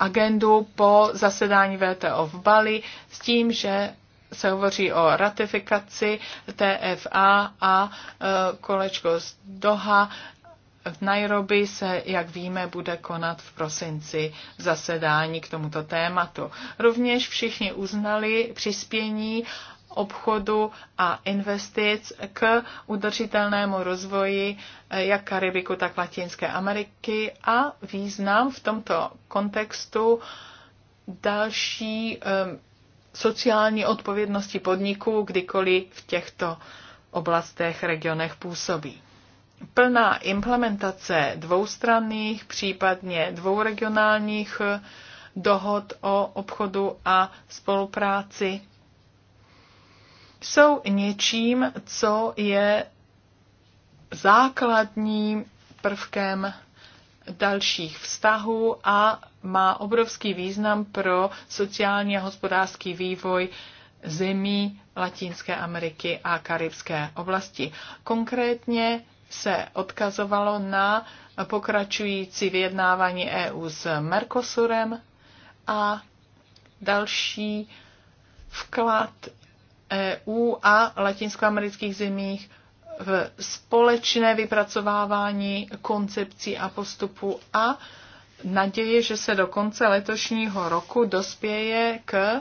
agendu po zasedání VTO v Bali s tím, že se hovoří o ratifikaci TFA a eh, kolečko z Doha v Nairobi se, jak víme, bude konat v prosinci zasedání k tomuto tématu. Rovněž všichni uznali přispění obchodu a investic k udržitelnému rozvoji eh, jak Karibiku, tak Latinské Ameriky a význam v tomto kontextu další eh, sociální odpovědnosti podniků, kdykoliv v těchto oblastech, regionech působí plná implementace dvoustranných, případně dvouregionálních eh, dohod o obchodu a spolupráci jsou něčím, co je základním prvkem dalších vztahů a má obrovský význam pro sociální a hospodářský vývoj zemí Latinské Ameriky a Karibské oblasti. Konkrétně se odkazovalo na pokračující vyjednávání EU s Mercosurem a další vklad EU a latinskoamerických zemích v společné vypracovávání koncepcí a postupů a naděje, že se do konce letošního roku dospěje k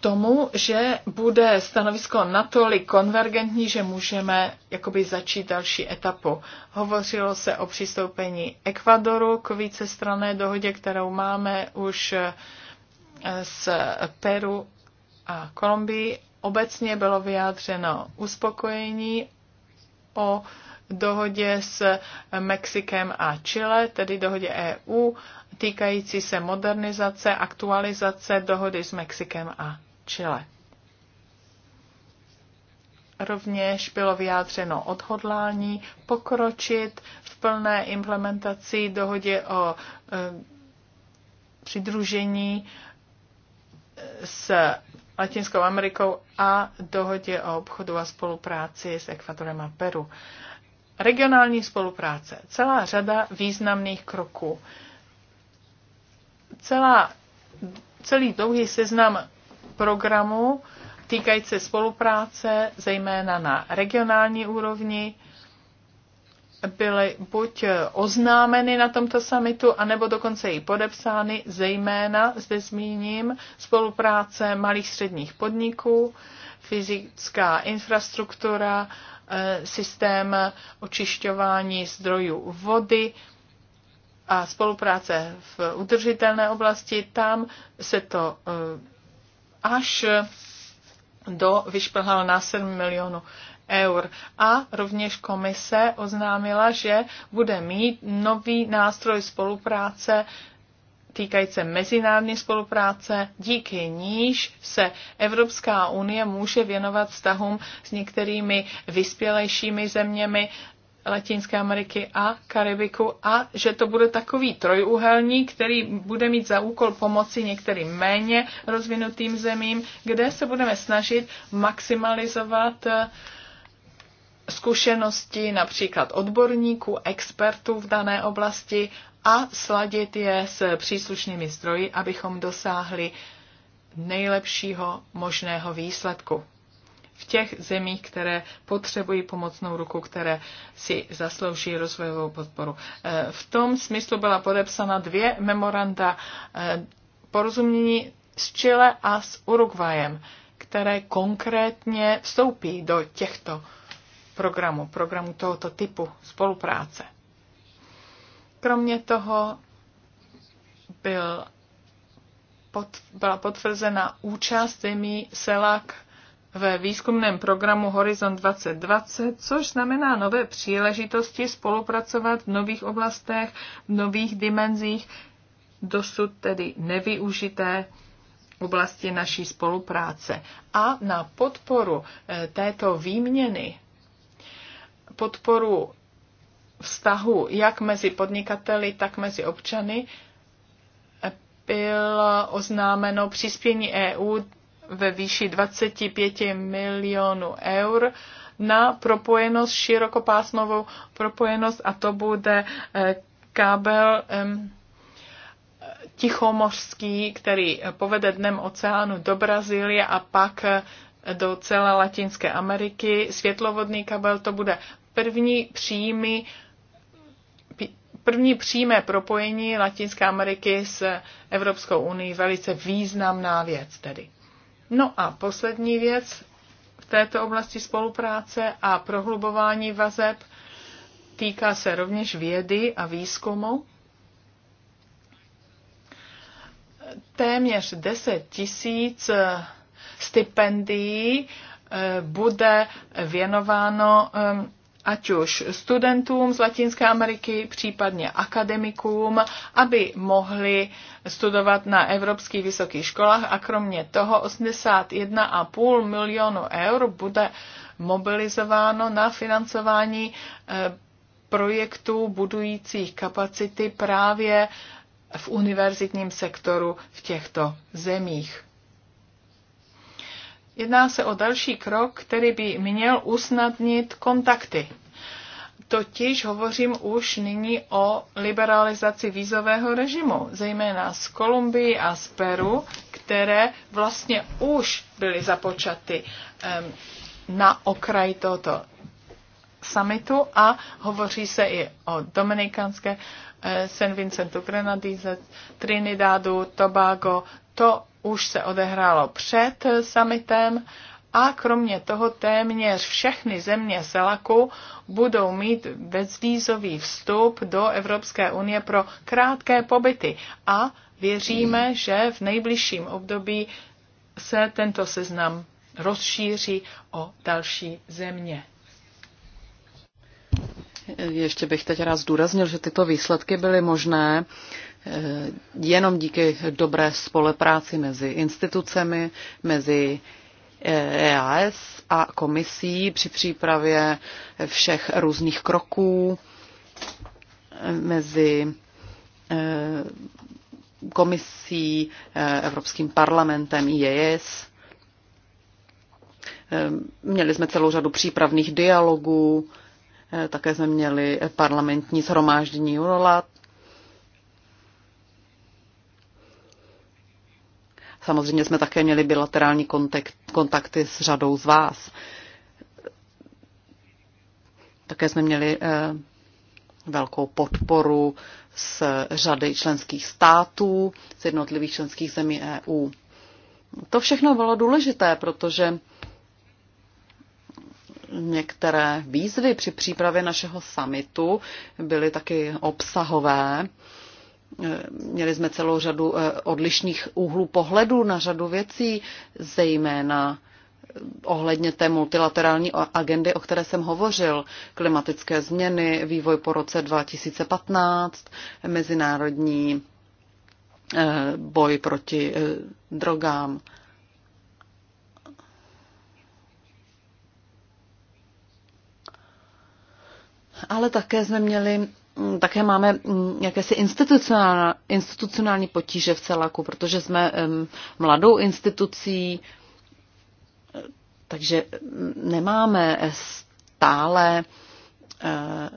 tomu, že bude stanovisko natolik konvergentní, že můžeme jakoby začít další etapu. Hovořilo se o přistoupení Ekvadoru k vícestrané dohodě, kterou máme už eh, s Peru a Kolumbií. Obecně bylo vyjádřeno uspokojení o dohodě s Mexikem a Chile, tedy dohodě EU, týkající se modernizace, aktualizace dohody s Mexikem a Chile. Rovněž bylo vyjádřeno odhodlání pokročit v plné implementaci dohodě o e, přidružení e, s Latinskou Amerikou a dohodě o obchodu a spolupráci s Ekvadorem a Peru. Regionální spolupráce. Celá řada významných kroků. Celá, celý dlouhý seznam programu týkající se spolupráce, zejména na regionální úrovni, byly buď oznámeny na tomto samitu, anebo dokonce i podepsány, zejména zde zmíním spolupráce malých středních podniků, fyzická infrastruktura, eh, systém očišťování zdrojů vody a spolupráce v udržitelné oblasti. Tam se to eh, až do vyšplhal na 7 milionů eur. A rovněž komise oznámila, že bude mít nový nástroj spolupráce týkající mezinárodní spolupráce, díky níž se Evropská unie může věnovat vztahům s některými vyspělejšími zeměmi, Latinské Ameriky a Karibiku a že to bude takový trojúhelník, který bude mít za úkol pomoci některým méně rozvinutým zemím, kde se budeme snažit maximalizovat eh, zkušenosti například odborníků, expertů v dané oblasti a sladit je s příslušnými zdroji, abychom dosáhli nejlepšího možného výsledku v těch zemích, které potřebují pomocnou ruku, které si zaslouží rozvojovou podporu. Eh, v tom smyslu byla podepsána dvě memoranda eh, porozumění s Chile a s Uruguayem, které konkrétně vstoupí do těchto programů, programů tohoto typu spolupráce. Kromě toho byl pod, byla potvrzena účast zemí SELAC ve výzkumném programu Horizon 2020, což znamená nové příležitosti spolupracovat v nových oblastech, v nových dimenzích, dosud tedy nevyužité oblasti naší spolupráce. A na podporu eh, této výměny, podporu vztahu jak mezi podnikateli, tak mezi občany, eh, bylo oznámeno přispění EU ve výši 25 milionů eur na propojenost, širokopásmovou propojenost a to bude eh, kabel tichomořský, který povede dnem oceánu do Brazílie a pak eh, do celé Latinské Ameriky. Světlovodný kabel to bude první přímý první přímé propojení Latinské Ameriky s Evropskou unii velice významná věc tedy. No a poslední věc v této oblasti spolupráce a prohlubování vazeb týká se rovněž vědy a výzkumu. Téměř 10 tisíc eh, stipendií eh, bude věnováno eh, ať už studentům z Latinské Ameriky, případně akademikům, aby mohli studovat na evropských vysokých školách a kromě toho 81,5 milionu eur bude mobilizováno na financování eh, projektů budujících kapacity právě v univerzitním sektoru v těchto zemích. Jedná se o další krok, který by měl usnadnit kontakty. Totiž hovořím už nyní o liberalizaci vízového režimu, zejména z Kolumbii a z Peru, které vlastně už byly započaty na okraji tohoto summitu a hovoří se i o Dominikánské, eh, San Vincentu Grenadíze, Trinidadu, Tobago. To už se odehrálo před summitem a kromě toho téměř všechny země Selaku budou mít bezvízový vstup do Evropské unie pro krátké pobyty a věříme, že v nejbližším období se tento seznam rozšíří o další země. Ještě bych teď rád zdůraznil, že tyto výsledky byly možné Eh, jenom díky dobré spolupráci mezi institucemi, mezi EAS eh, e a komisí při přípravě všech různých kroků mezi eh, komisí, Evropským parlamentem, IES. Měli jsme celou řadu přípravných dialogů, také jsme měli parlamentní shromáždění UNOLAD Samozřejmě jsme také měli bilaterální kontakt, kontakty s řadou z vás. Také jsme měli eh, velkou podporu z řady členských států, z jednotlivých členských zemí EU. To všechno bylo důležité, protože některé výzvy při přípravě našeho samitu byly taky obsahové Eh, měli jsme celou řadu eh, odlišných úhlů pohledu na řadu věcí, zejména eh, ohledně té multilaterální agendy, o které jsem hovořil, klimatické změny, vývoj po roce 2015, mezinárodní boj proti drogám. Ale také jsme měli Mm, také máme mm, jakési institucionální, institucionální potíže v celaku, protože jsme mladou institucí, eh, takže mm, nemáme stále eh,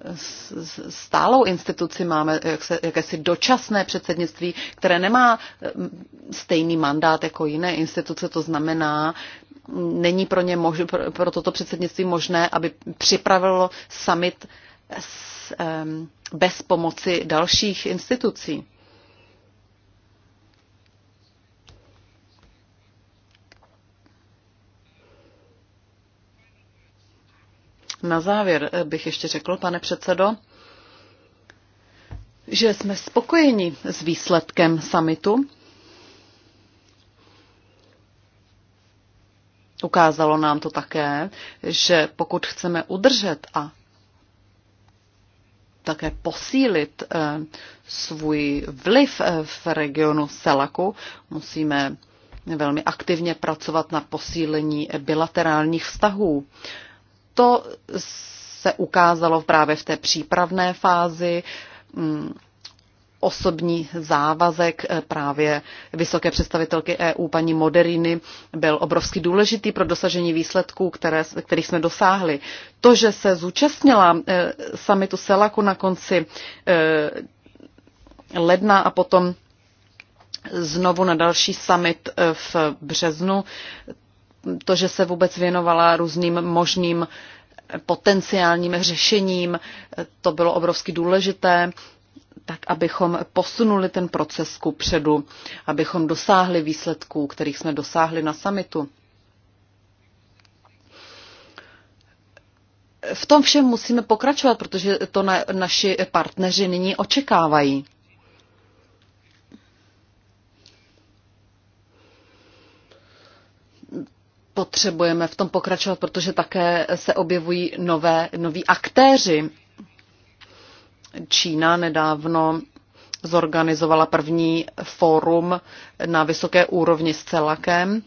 stálou instituci máme jakési dočasné předsednictví, které nemá stejný mandát jako jiné instituce, to znamená, není pro, ně mož, pro toto předsednictví možné, aby připravilo summit bez pomoci dalších institucí. Na závěr bych ještě řekl, pane předsedo, že jsme spokojeni s výsledkem samitu. Ukázalo nám to také, že pokud chceme udržet a také posílit eh, svůj vliv eh, v regionu Selaku. Musíme velmi aktivně pracovat na posílení bilaterálních vztahů. To se ukázalo právě v té přípravné fázi mm, osobní závazek eh, právě vysoké představitelky EU paní Moderiny byl obrovsky důležitý pro dosažení výsledků, které, kterých jsme dosáhli. To, že se zúčastnila eh, samitu Selaku na konci eh, ledna a potom znovu na další summit v březnu, to, že se vůbec věnovala různým možným potenciálním řešením, to bylo obrovsky důležité tak abychom posunuli ten proces ku předu, abychom dosáhli výsledků, kterých jsme dosáhli na samitu. V tom všem musíme pokračovat, protože to na, naši partneři nyní očekávají. Potřebujeme v tom pokračovat, protože také se objevují nové, noví aktéři, Čína nedávno zorganizovala první fórum na vysoké úrovni s celakem.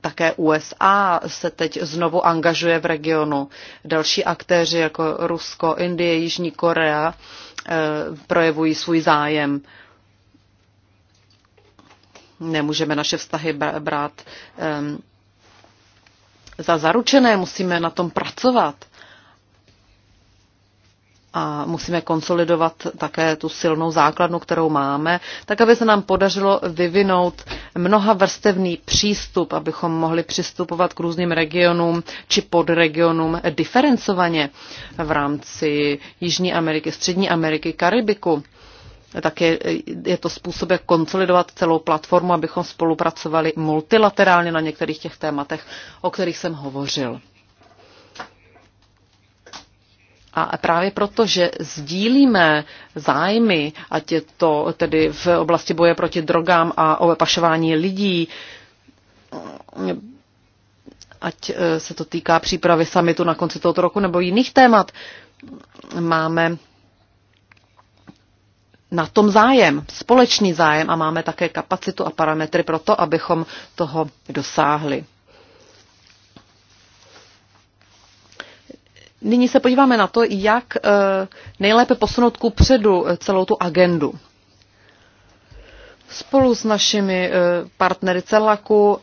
Také USA se teď znovu angažuje v regionu. Další aktéři jako Rusko, Indie, Jižní Korea eh, projevují svůj zájem. Nemůžeme naše vztahy brát ehm, za zaručené, musíme na tom pracovat. A musíme konsolidovat také tu silnou základnu, kterou máme, tak aby se nám podařilo vyvinout mnoha vrstevný přístup, abychom mohli přistupovat k různým regionům či podregionům diferencovaně v rámci Jižní Ameriky, Střední Ameriky, Karibiku. Také je to způsob, jak konsolidovat celou platformu, abychom spolupracovali multilaterálně na některých těch tématech, o kterých jsem hovořil. A právě proto, že sdílíme zájmy, ať je to tedy v oblasti boje proti drogám a o lidí, ať e, se to týká přípravy samitu na konci tohoto roku nebo jiných témat, máme na tom zájem, společný zájem a máme také kapacitu a parametry pro to, abychom toho dosáhli. Nyní se podíváme na to, jak eh, nejlépe posunout ku předu eh, celou tu agendu. Spolu s našimi eh, partnery CELACu,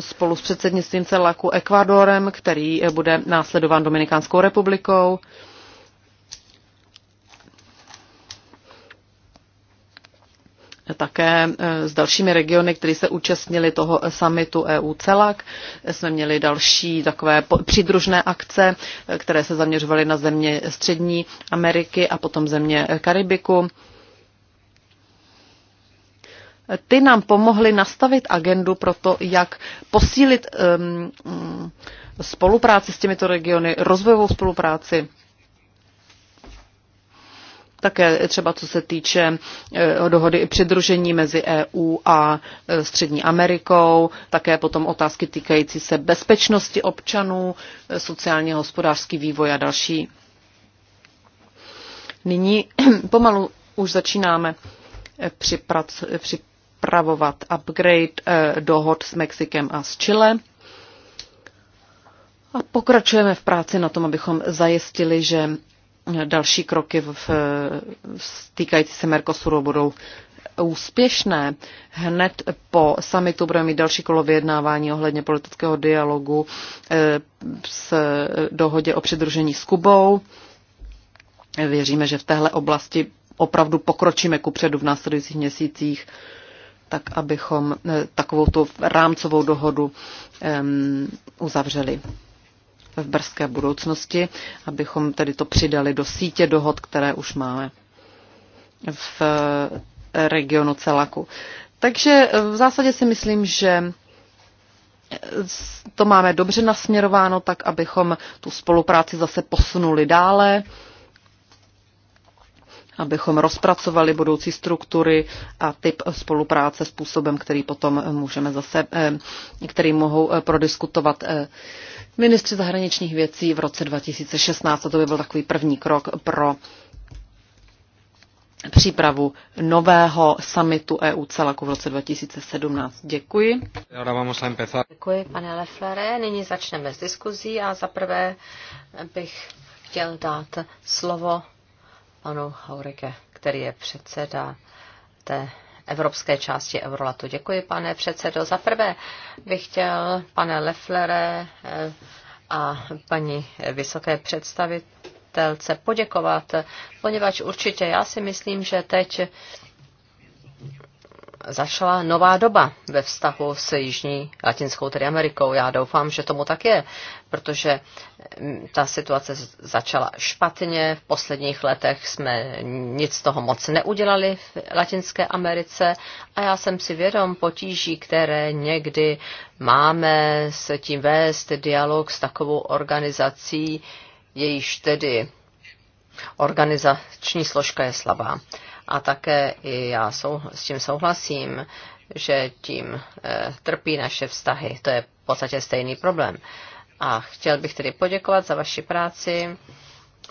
spolu s předsednictvím CELACu Ekvadorem, který bude následován Dominikánskou republikou, také eh, s dalšími regiony, které se účastnili toho summitu EU CELAC. Jsme měli další takové přidružné akce, eh, které se zaměřovaly na země Střední Ameriky a potom země Karibiku. Ty nám pomohly nastavit agendu pro to, jak posílit um, spolupráci s těmito regiony, rozvojovou spolupráci také třeba co se týče eh, dohody přidružení mezi EU a eh, Střední Amerikou, také potom otázky týkající se bezpečnosti občanů, eh, sociálně hospodářský vývoj a další. Nyní pomalu už začínáme připravovat upgrade dohod s Mexikem a s Chile. A pokračujeme v práci na tom, abychom zajistili, že další kroky v, týkající se Mercosuru budou úspěšné. Hned po samitu budeme mít další kolo vyjednávání ohledně politického dialogu eh, s dohodě o přidružení s Kubou. Věříme, že v téhle oblasti opravdu pokročíme kupředu v následujících měsících, tak abychom eh, takovou tu rámcovou dohodu um, uzavřeli v brzké budoucnosti, abychom tedy to přidali do sítě dohod, které už máme v eh, regionu Celaku. Takže eh, v zásadě si myslím, že eh, to máme dobře nasměrováno, tak abychom tu spolupráci zase posunuli dále, abychom rozpracovali budoucí struktury a typ spolupráce způsobem, který potom můžeme zase, který mohou prodiskutovat ministři zahraničních věcí v roce 2016. A to by byl takový první krok pro přípravu nového summitu EU celaku v roce 2017. Děkuji. Děkuji, pane Leflere. Nyní začneme s diskuzí a zaprvé bych chtěl dát slovo panu Haurike, který je předseda té evropské části Eurolatu. Děkuji, pane předsedo. Za prvé bych chtěl, pane Leflere eh, a paní vysoké představitelce poděkovat, poněvadž určitě já si myslím, že teď začala nová doba ve vztahu s Jižní Latinskou tedy Amerikou. Já doufám, že tomu tak je, protože mm, ta situace začala špatně. V posledních letech jsme nic z toho moc neudělali v Latinské Americe a já jsem si vědom potíží, které někdy máme s tím vést dialog s takovou organizací, jejíž tedy organizační složka je slabá a také i já sou, s tím souhlasím, že tím e, trpí naše vztahy. To je v podstatě stejný problém. A chtěl bych tedy poděkovat za vaši práci,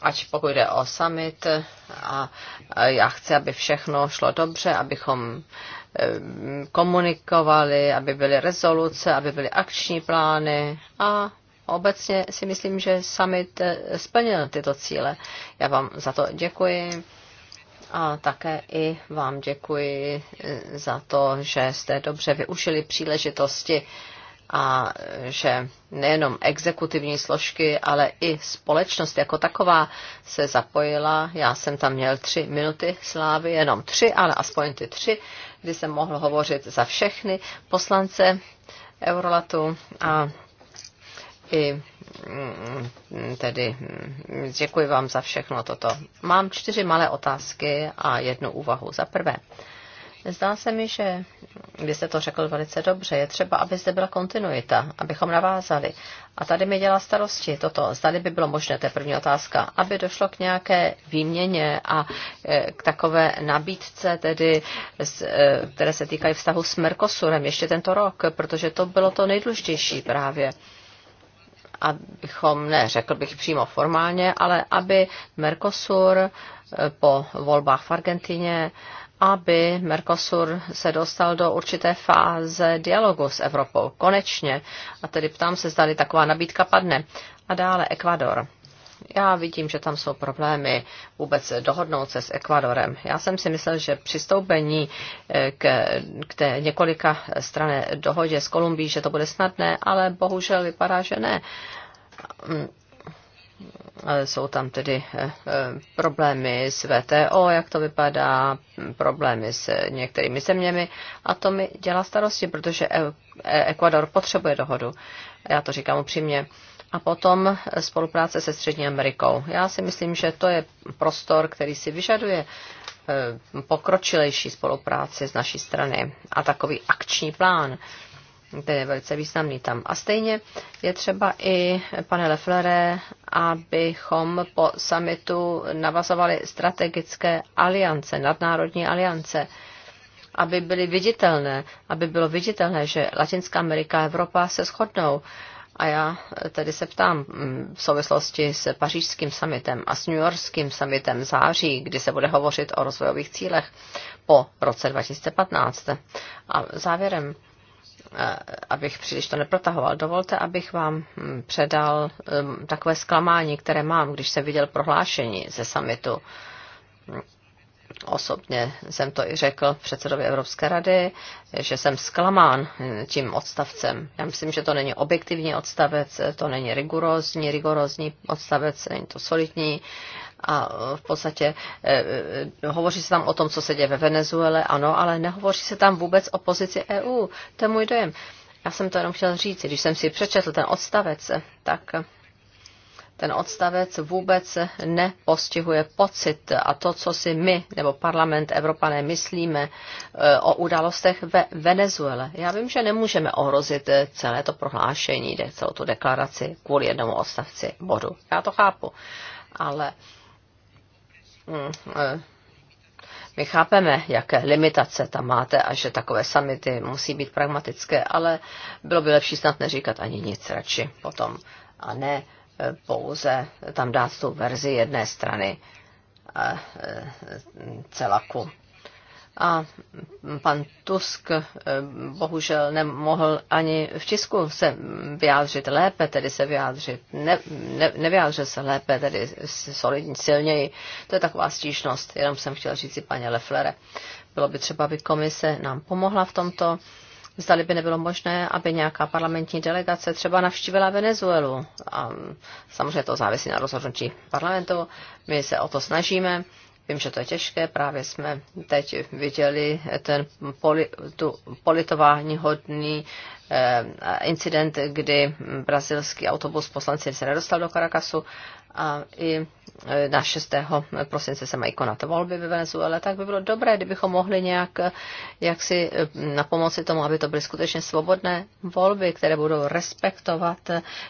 ať pokud jde o summit a, a já chci, aby všechno šlo dobře, abychom eh, komunikovali, aby byly rezoluce, aby byly akční plány a obecně si myslím, že summit eh, splnil tyto cíle. Já vám za to děkuji a také i vám děkuji eh, za to, že jste dobře využili příležitosti a že nejenom exekutivní složky, ale i společnost jako taková se zapojila. Já jsem tam měl tři minuty slávy, jenom tři, ale aspoň ty tři, kdy jsem mohl hovořit za všechny poslance Eurolatu a i mm, tedy mm, děkuji vám za všechno toto. Mám čtyři malé otázky a jednu úvahu. Za prvé, zdá se mi, že vy jste to řekl velice dobře, je třeba, aby zde byla kontinuita, abychom navázali. A tady mi dělá starosti toto. Zdali by bylo možné, to je první otázka, aby došlo k nějaké výměně a e, k takové nabídce, tedy, e, které se týkají vztahu s Mercosurem ještě tento rok, protože to bylo to nejdůležitější právě abychom, ne řekl bych přímo formálně, ale aby Mercosur eh, po volbách v Argentině aby Mercosur se dostal do určité fáze dialogu s Evropou. Konečně. A tedy ptám se, zda taková nabídka padne. A dále Ekvador. Já vidím, že tam jsou problémy vůbec dohodnout se s Ekvadorem. Já jsem si myslel, že přistoupení eh, k, k té několika strané dohodě s Kolumbií, že to bude snadné, ale bohužel vypadá, že ne. Mm. Jsou tam tedy eh, eh, problémy s VTO, jak to vypadá, problémy s některými zeměmi a to mi dělá starosti, protože e- e- Ekvador potřebuje dohodu. Já to říkám upřímně a potom spolupráce se Střední Amerikou. Já si myslím, že to je prostor, který si vyžaduje eh, pokročilejší spolupráci z naší strany a takový akční plán. který je velice významný tam. A stejně je třeba i, pane Leflere, abychom po summitu navazovali strategické aliance, nadnárodní aliance, aby byly viditelné, aby bylo viditelné, že Latinská Amerika a Evropa se shodnou a já tedy se ptám mm, v souvislosti s pařížským summitem a s newyorským Yorkským summitem září, kdy se bude hovořit o rozvojových cílech po roce 2015. A závěrem, eh, abych příliš to neprotahoval, dovolte, abych vám mm, předal mm, takové zklamání, které mám, když jsem viděl prohlášení ze summitu Osobně jsem to i řekl předsedovi Evropské rady, že jsem zklamán tím odstavcem. Já myslím, že to není objektivní odstavec, to není rigorózní, rigorózní odstavec, není to solidní a v podstatě eh, eh, hovoří se tam o tom, co se děje ve Venezuele, ano, ale nehovoří se tam vůbec o pozici EU. To je můj dojem. Já jsem to jenom chtěl říct, když jsem si přečetl ten odstavec, tak ten odstavec vůbec nepostihuje pocit a to, co si my nebo parlament Evropané myslíme e, o událostech ve Venezuele. Já vím, že nemůžeme ohrozit e, celé to prohlášení, celou tu deklaraci kvůli jednomu odstavci bodu. Já to chápu, ale mm, e, my chápeme, jaké limitace tam máte a že takové samity musí být pragmatické, ale bylo by lepší snad neříkat ani nic radši potom a ne pouze tam dát tu verzi jedné strany e, celaku. A pan Tusk e, bohužel nemohl ani v tisku se vyjádřit lépe, tedy se vyjádřit, ne, ne, nevyjádřil se lépe, tedy solidně, silněji. To je taková stížnost, jenom jsem chtěl říct si paně Leflere. Bylo by třeba, aby komise nám pomohla v tomto zdali by nebylo možné, aby nějaká parlamentní delegace třeba navštívila Venezuelu. A samozřejmě to závisí na rozhodnutí parlamentu. My se o to snažíme. Vím, že to je těžké, právě jsme teď viděli ten poli, tu politování hodný eh, incident, kdy brazilský autobus poslanci se nedostal do Caracasu a i e, na 6. prosince se mají konat volby ve Venezuele, tak by bylo dobré, kdybychom mohli nějak e, jak si e, na pomoci tomu, aby to byly skutečně svobodné volby, které budou respektovat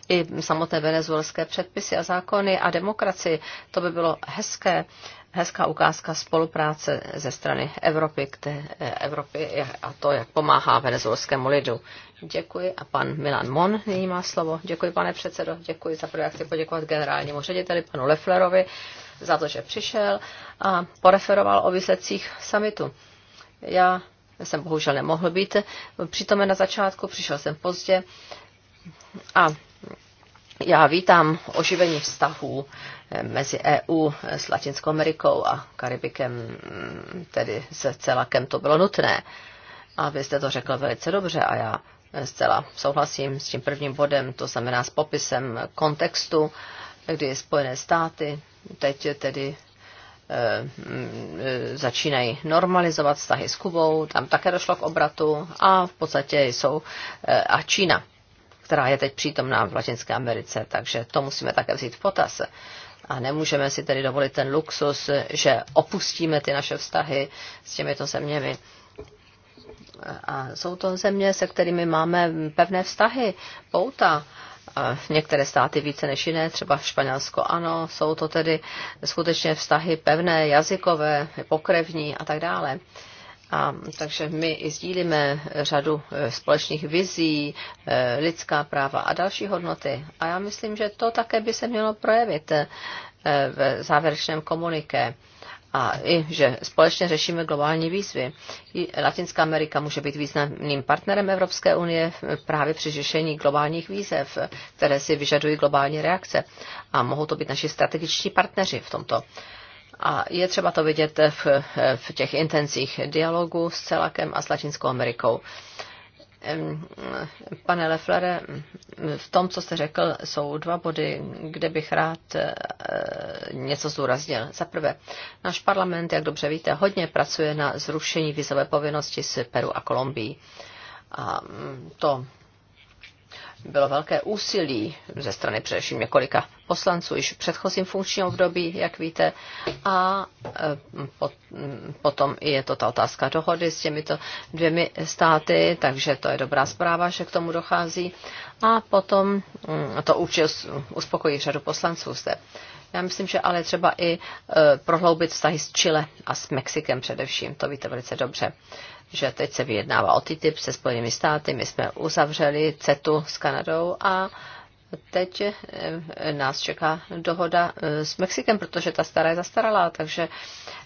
i samotné venezuelské předpisy a zákony a demokracii. To by bylo hezké hezká ukázka spolupráce ze strany Evropy, které, eh, Evropy a to, jak pomáhá venezuelskému lidu. Děkuji a pan Milan Mon nyní má slovo. Děkuji, pane předsedo, děkuji za prvé, chci poděkovat generálnímu řediteli panu Lefflerovi za to, že přišel a poreferoval o výsledcích samitu. Já jsem bohužel nemohl být přítomen na začátku, přišel jsem pozdě a já vítám oživení vztahů eh, mezi EU eh, s Latinskou Amerikou a Karibikem, mm, tedy se celakem to bylo nutné. A vy jste to řekl velice dobře a já eh, zcela souhlasím s tím prvním bodem, to znamená s popisem kontextu, kdy Spojené státy teď tedy mm, začínají normalizovat vztahy s Kubou, tam také došlo k obratu a v podstatě jsou a Čína která je teď přítomná v Latinské Americe, takže to musíme také vzít v potaz. A nemůžeme si tedy dovolit ten luxus, že opustíme ty naše vztahy s těmito zeměmi. A jsou to země, se kterými máme pevné vztahy, pouta. Některé státy více než jiné, třeba v Španělsko ano, jsou to tedy skutečně vztahy pevné, jazykové, pokrevní a tak dále. A takže my i sdílíme řadu e, společných vizí, e, lidská práva a další hodnoty. A já myslím, že to také by se mělo projevit e, v závěrečném komuniké a i, že společně řešíme globální výzvy. I Latinská Amerika může být významným partnerem Evropské unie právě při řešení globálních výzev, které si vyžadují globální reakce. A mohou to být naši strategičtí partneři v tomto. A je třeba to vidět v, v těch intencích dialogu s Celakem a s Latinskou Amerikou. Pane Leflere, v tom, co jste řekl, jsou dva body, kde bych rád eh, něco zúraznil. Za prvé, náš parlament, jak dobře víte, hodně pracuje na zrušení vizové povinnosti s Peru a Kolumbií. A mm, to bylo velké úsilí ze strany především několika poslanců již v předchozím funkčním období, jak víte, a e, potom je to ta otázka dohody s těmito dvěmi státy, takže to je dobrá zpráva, že k tomu dochází. A potom to určitě uspokojí řadu poslanců zde. Já myslím, že ale třeba i e, prohloubit vztahy s Chile a s Mexikem především, to víte velice dobře že teď se vyjednává o TTIP se Spojenými státy, my jsme uzavřeli CETu s Kanadou a teď eh, nás čeká dohoda eh, s Mexikem, protože ta stará je zastaralá, takže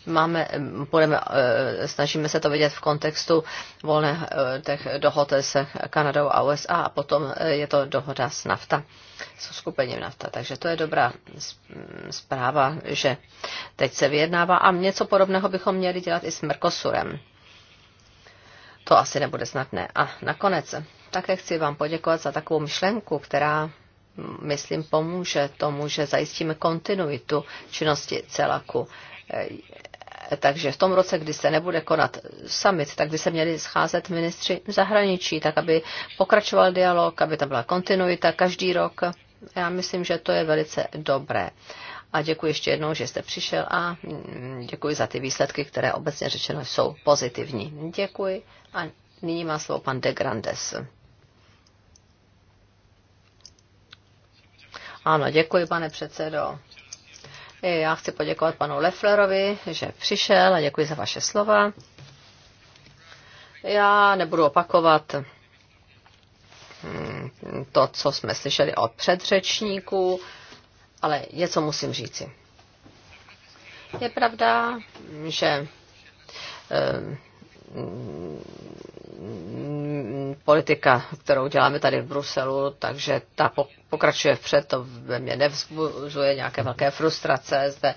máme, eh, budeme, snažíme se to vidět v kontextu volné těch dohod s Kanadou a USA a potom je to dohoda s NAFTA, s skupením NAFTA. Takže to je dobrá zpráva, že teď se vyjednává a něco podobného bychom měli dělat i s Mercosurem to asi nebude snadné. A nakonec také chci vám poděkovat za takovou myšlenku, která, mm, myslím, pomůže tomu, že zajistíme kontinuitu činnosti celaku. E, takže v tom roce, kdy se nebude konat summit, tak by se měli scházet ministři zahraničí, tak aby pokračoval dialog, aby tam byla kontinuita každý rok. Já myslím, že to je velice dobré a děkuji ještě jednou, že jste přišel a mm, děkuji za ty výsledky, které obecně řečeno jsou pozitivní. Děkuji a nyní má slovo pan de Grandes. Ano, děkuji, pane předsedo. Já chci poděkovat panu Lefflerovi, že přišel a děkuji za vaše slova. Já nebudu opakovat mm, to, co jsme slyšeli od předřečníků ale něco musím říci. Je pravda, že politika, kterou děláme tady v Bruselu, takže ta pokračuje vpřed, to ve mně nevzbuzuje nějaké velké frustrace. Zde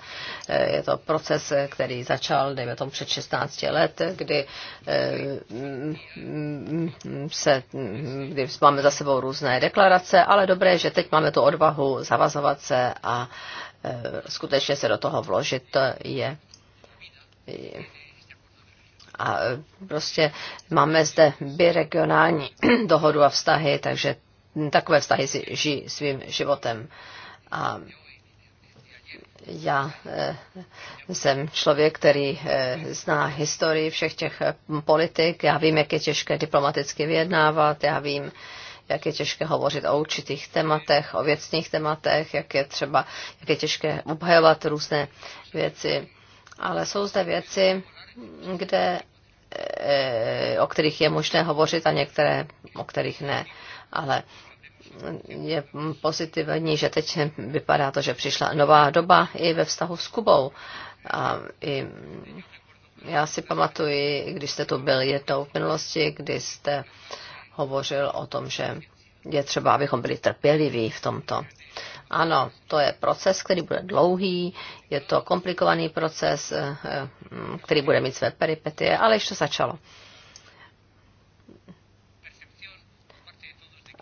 eh, je to proces, eh, který začal, dejme tomu, před 16 let, kdy eh, mm, se, mm, kdy máme za sebou různé deklarace, ale dobré, že teď máme tu odvahu zavazovat se a skutečně se do toho vložit je a e, prostě máme zde biregionální dohodu a vztahy, takže takové vztahy si žijí svým životem. A já e, jsem člověk, který e, zná historii všech těch politik. Já vím, jak je těžké diplomaticky vyjednávat, já vím, jak je těžké hovořit o určitých tématech, o věcných tématech, jak je třeba, jak je těžké obhajovat různé věci. Ale jsou zde věci, kde Eh, o kterých je možné hovořit a některé, o kterých ne. Ale je pozitivní, že teď vypadá to, že přišla nová doba i ve vztahu s Kubou. A i já si pamatuji, když jste tu byl jednou v minulosti, kdy jste hovořil o tom, že je třeba, abychom byli trpěliví v tomto. Ano, to je proces, který bude dlouhý, je to komplikovaný proces, eh, eh, který bude mít své peripetie, ale ještě začalo.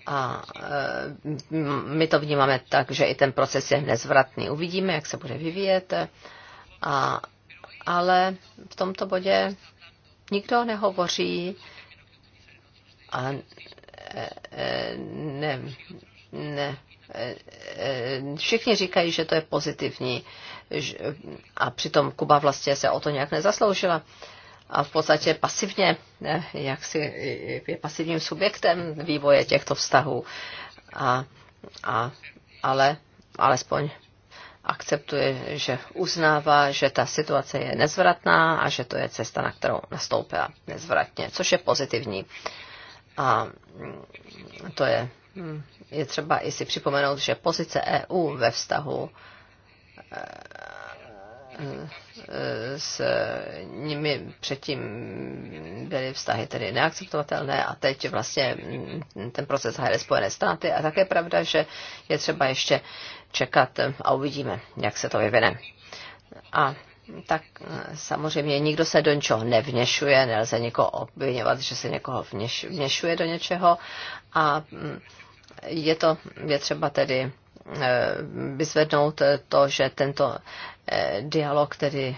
A eh, my to vnímáme tak, že i ten proces je nezvratný. Uvidíme, jak se bude vyvíjet, a, ale v tomto bodě nikdo nehovoří a ne, ne, všichni říkají, že to je pozitivní a přitom Kuba vlastně se o to nějak nezasloužila a v podstatě pasivně, eh, jak si je pasivním subjektem vývoje těchto vztahů. A, a, ale alespoň akceptuje, že uznává, že ta situace je nezvratná a že to je cesta, na kterou nastoupila nezvratně, což je pozitivní. A to je je třeba i si připomenout, že pozice EU ve vztahu eh, eh, s nimi předtím byly vztahy tedy neakceptovatelné a teď vlastně mm, ten proces hájily Spojené státy a také pravda, že je třeba ještě čekat a uvidíme, jak se to vyvine. A tak eh, samozřejmě nikdo se do ničeho nevněšuje, nelze někoho obvinovat, že se někoho vněšuje do něčeho a mm, je to, je třeba tedy eh, vyzvednout eh, to, že tento eh, dialog tedy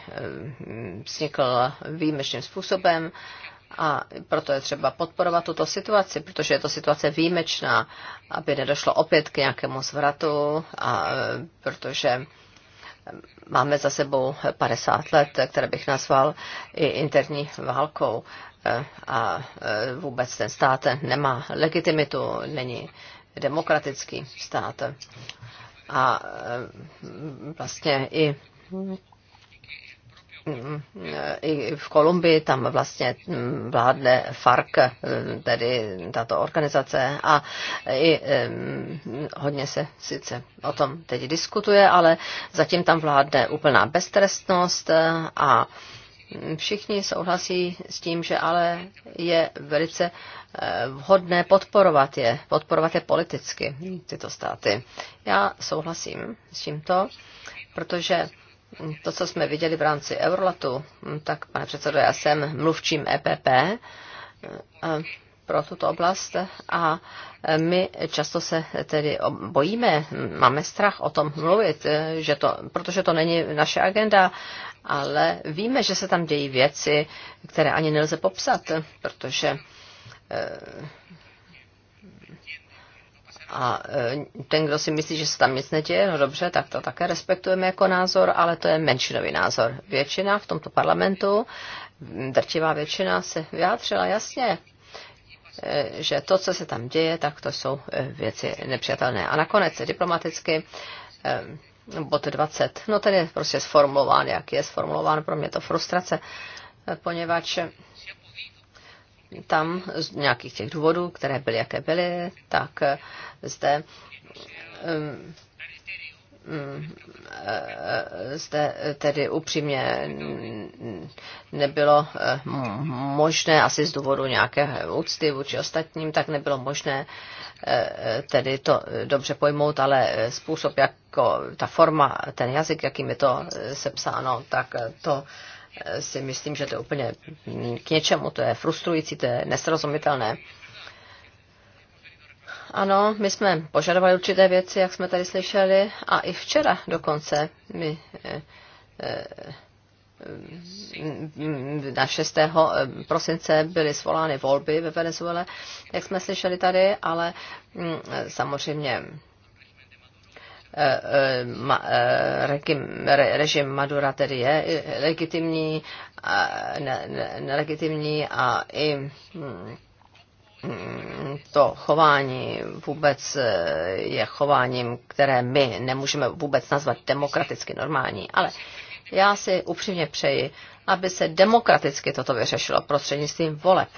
vznikl výjimečným způsobem a proto je třeba podporovat tuto situaci, protože je to situace výjimečná, aby nedošlo opět k nějakému zvratu, a protože máme za sebou 50 let, které bych nazval i interní válkou a vůbec ten stát nemá legitimitu, není demokratický stát. A eh, vlastně i eh, i v Kolumbii tam vlastně vládne FARC, eh, tedy tato organizace a i hodně se sice o tom teď diskutuje, ale zatím tam vládne úplná beztrestnost a všichni souhlasí s tím, že ale je velice eh, vhodné podporovat je, podporovat je politicky, tyto státy. Já souhlasím s tímto, protože to, co jsme viděli v rámci Eurolatu, tak, pane předsedo, já jsem mluvčím EPP, pro tuto oblast a my často se tedy bojíme, máme strach o tom mluvit, že to, protože to není naše agenda, ale víme, že se tam dějí věci, které ani nelze popsat, protože eh, a eh, ten, kdo si myslí, že se tam nic neděje, no dobře, tak to také respektujeme jako názor, ale to je menšinový názor. Většina v tomto parlamentu, drtivá většina se vyjádřila jasně Eh, že to, co se tam děje, tak to jsou eh, věci nepřijatelné. A nakonec diplomaticky eh, bod 20, no ten je prostě sformulován, jak je sformulován, pro mě to frustrace, poněvadž tam z nějakých těch důvodů, které byly, jaké byly, tak zde zde tedy upřímně nebylo eh, možné, asi z důvodu nějaké úcty vůči ostatním, tak nebylo možné eh, tedy to dobře pojmout, ale způsob, jako ta forma, ten jazyk, jakým je to sepsáno, tak to eh, si myslím, že to je úplně k něčemu, to je frustrující, to je nesrozumitelné. Ano, my jsme požadovali určité věci, jak jsme tady slyšeli, a i včera dokonce my eh, eh, na 6. Eh, prosince byly svolány volby ve Venezuele, jak jsme slyšeli tady, ale mm, samozřejmě režim Madura tedy je legitimní, nelegitimní a i mm, Mm, to chování vůbec eh, je chováním, které my nemůžeme vůbec nazvat demokraticky normální, ale já si upřímně přeji, aby se demokraticky toto vyřešilo prostřednictvím voleb,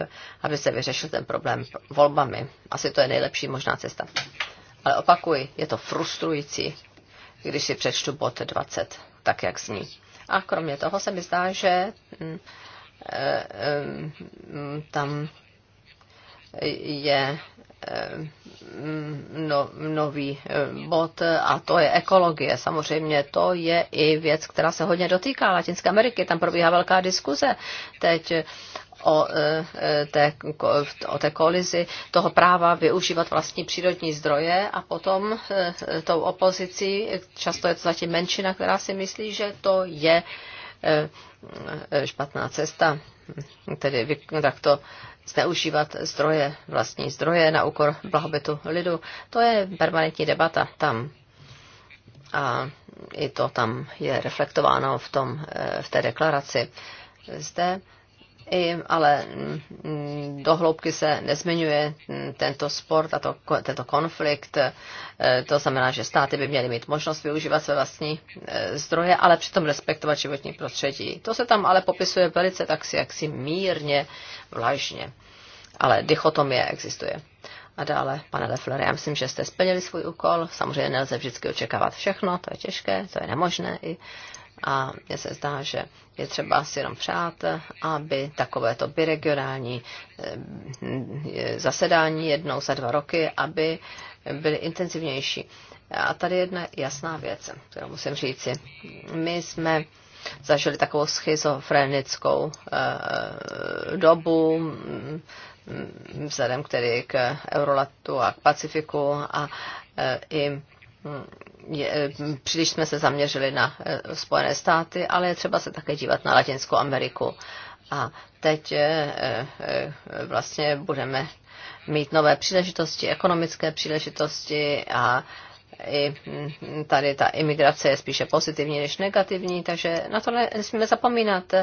aby se vyřešil ten problém volbami. Asi to je nejlepší možná cesta. Ale opakuj, je to frustrující, když si přečtu bod 20, tak jak zní. A kromě toho se mi zdá, že mm, eh, eh, mm, tam je eh, no, nový eh, bod a to je ekologie. Samozřejmě to je i věc, která se hodně dotýká Latinské Ameriky. Tam probíhá velká diskuze teď o eh, té, o té kolizi toho práva využívat vlastní přírodní zdroje a potom tou opozicí, často je to zatím menšina, která si myslí, že to je špatná cesta tedy takto zneužívat zdroje, vlastní zdroje na úkor blahobytu lidu. To je permanentní debata tam. A i to tam je reflektováno v, tom, eh, v té deklaraci. Zde i, ale mm, hloubky se nezmiňuje tento spor, tato, tento konflikt. E, to znamená, že státy by měly mít možnost využívat své vlastní e, zdroje, ale přitom respektovat životní prostředí. To se tam ale popisuje velice tak si jaksi mírně, vlažně. Ale dichotomie existuje. A dále, pane Leffler, já myslím, že jste splnili svůj úkol. Samozřejmě nelze vždycky očekávat všechno, to je těžké, to je nemožné i a mně se zdá, že je třeba si jenom přát, aby takovéto biregionální eh, zasedání jednou za dva roky, aby byly intenzivnější. A tady jedna jasná věc, kterou musím říci. My jsme zažili takovou schizofrenickou eh, dobu, mm, mm, vzhledem k tedy k Eurolatu a k Pacifiku a eh, i je, eh, příliš jsme se zaměřili na eh, Spojené státy, ale je třeba se také dívat na Latinskou Ameriku. A teď eh, vlastně budeme mít nové příležitosti, ekonomické příležitosti a i hm, tady ta imigrace je spíše pozitivní než negativní, takže na to nesmíme zapomínat.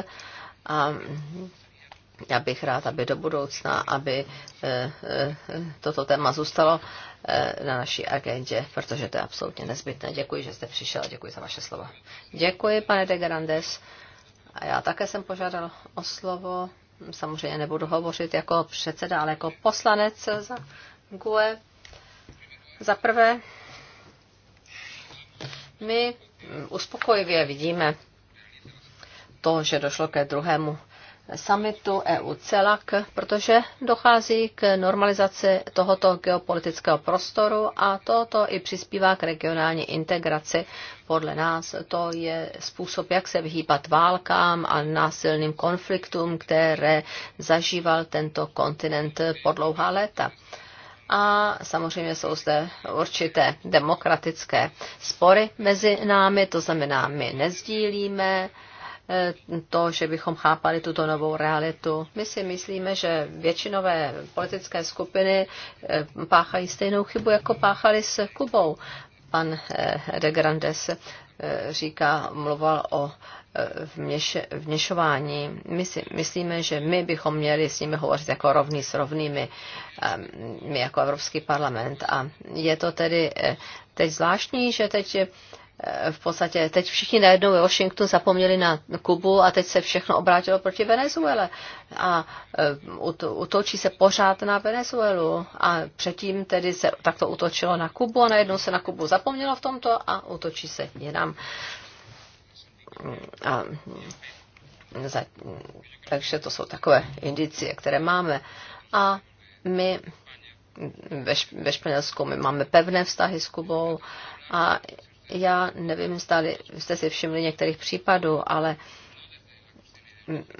A já bych rád, aby do budoucna, aby eh, eh, toto téma zůstalo eh, na naší agendě, protože to je absolutně nezbytné. Děkuji, že jste přišel a děkuji za vaše slova. Děkuji, pane de Grandes. A já také jsem požádal o slovo. Samozřejmě nebudu hovořit jako předseda, ale jako poslanec za GUE. Za prvé, my uspokojivě vidíme to, že došlo ke druhému summitu EU CELAC, protože dochází k normalizaci tohoto geopolitického prostoru a toto i přispívá k regionální integraci. Podle nás to je způsob, jak se vyhýbat válkám a násilným konfliktům, které zažíval tento kontinent po dlouhá léta. A samozřejmě jsou zde určité demokratické spory mezi námi, to znamená, my nezdílíme to, že bychom chápali tuto novou realitu. My si myslíme, že většinové politické skupiny eh, páchají stejnou chybu, jako páchali s Kubou. Pan eh, de Grandes eh, říká, mluvil o vněš, vněšování. My si myslíme, že my bychom měli s nimi hovořit jako rovní s rovnými, ehm, my jako Evropský parlament. A je to tedy teď zvláštní, že teď v podstatě teď všichni najednou ve Washingtonu zapomněli na Kubu a teď se všechno obrátilo proti Venezuele. A eh, utočí se pořád na Venezuelu. A předtím tedy se takto utočilo na Kubu a najednou se na Kubu zapomnělo v tomto a utočí se jinam. A za, takže to jsou takové indicie, které máme. A my ve, ve Španělsku my máme pevné vztahy s Kubou a já nevím, zda jste si všimli některých případů, ale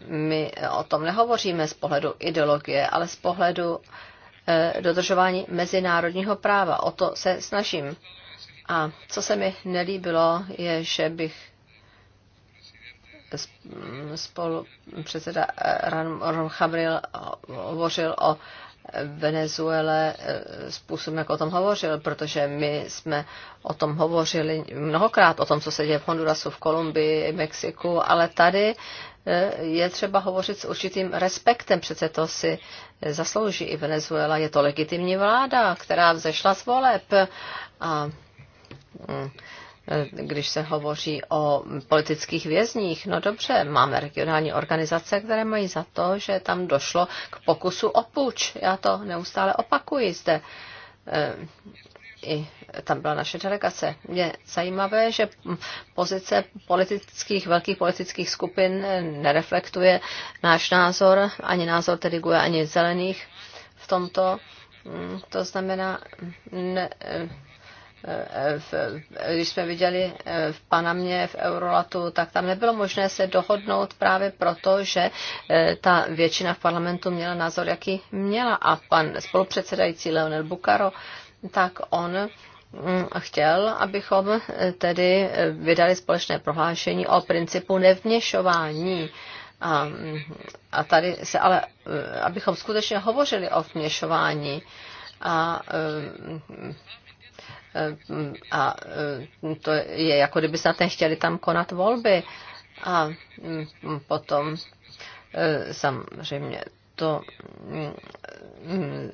my o tom nehovoříme z pohledu ideologie, ale z pohledu e, dodržování mezinárodního práva. O to se snažím. A co se mi nelíbilo, je, že bych spolu předseda e, Ron Chabril hovořil o Venezuele eh, způsobem, jak o tom hovořil, protože my jsme o tom hovořili mnohokrát, o tom, co se děje v Hondurasu, v Kolumbii, Mexiku, ale tady eh, je třeba hovořit s určitým respektem. Přece to si zaslouží i Venezuela. Je to legitimní vláda, která vzešla z voleb. A mm, Eh, když se hovoří o politických vězních. No dobře, máme regionální organizace, které mají za to, že tam došlo k pokusu o puč. Já to neustále opakuji zde. Eh, I tam byla naše delegace. Je zajímavé, že pozice politických, velkých politických skupin eh, nereflektuje náš názor, ani názor tedy GUE, ani zelených v tomto. Mm, to znamená, ne, Eh, eh, v, když jsme viděli eh, v Panamě, v Eurolatu, tak tam nebylo možné se dohodnout právě proto, že ta většina v parlamentu měla názor, jaký měla. A pan spolupředsedající Leonel Bukaro, tak on mm, chtěl, abychom tedy vydali společné prohlášení o principu nevměšování. A, mm, a tady se ale, abychom skutečně hovořili o vměšování a a to je jako kdyby snad nechtěli tam konat volby. A mm, potom e, samozřejmě to mm,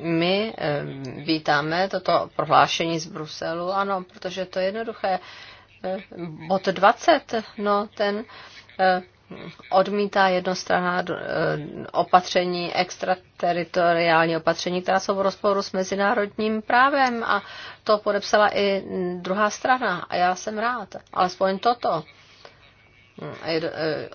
my e, vítáme toto prohlášení z Bruselu, ano, protože to je jednoduché. E, bod 20, no ten odmítá jednostranná eh, opatření, extrateritoriální opatření, která jsou v rozporu s mezinárodním právem a to podepsala i druhá strana a já jsem rád, alespoň toto. Eh, eh,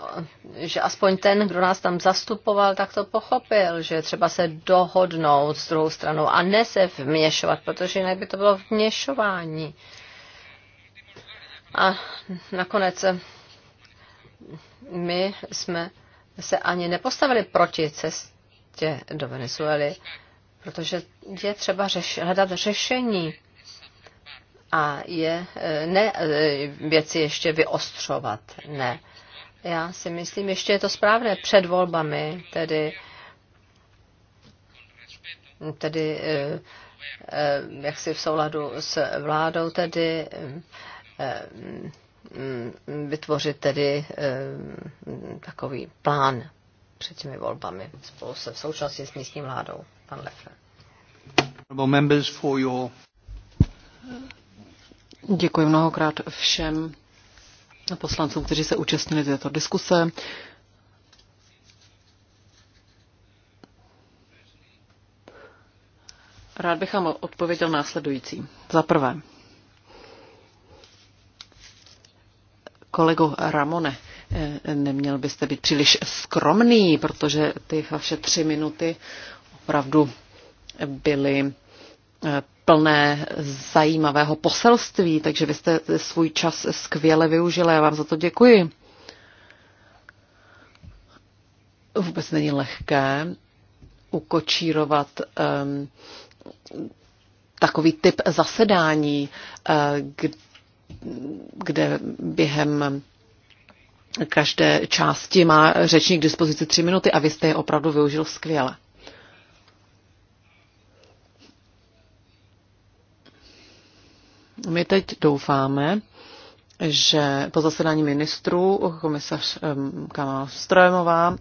že aspoň ten, kdo nás tam zastupoval, tak to pochopil, že třeba se dohodnout s druhou stranou a ne se vměšovat, protože jinak by to bylo vměšování. A nakonec my jsme se ani nepostavili proti cestě do Venezuely, protože je třeba řeš, hledat řešení a je eh, ne eh, věci ještě vyostřovat. Ne. Já si myslím, ještě je to správné před volbami, tedy, tedy eh, jak si v souladu s vládou, tedy Mm, vytvořit tedy eh, takový plán před těmi volbami spolu se v současnosti s místní vládou. Pan Lefler. Děkuji mnohokrát všem poslancům, kteří se účastnili této diskuse. Rád bych vám odpověděl následující. Za prvé, kolego Ramone, eh, neměl byste být příliš skromný, protože ty vaše tři minuty opravdu byly eh, plné zajímavého poselství, takže vy jste svůj čas skvěle využili. Já vám za to děkuji. Vůbec není lehké ukočírovat um, takový typ zasedání, uh, kde během každé části má řečník k dispozici tři minuty a vy jste je opravdu využil skvěle. My teď doufáme, že po zasedání ministrů komisař Kamala Strojemová,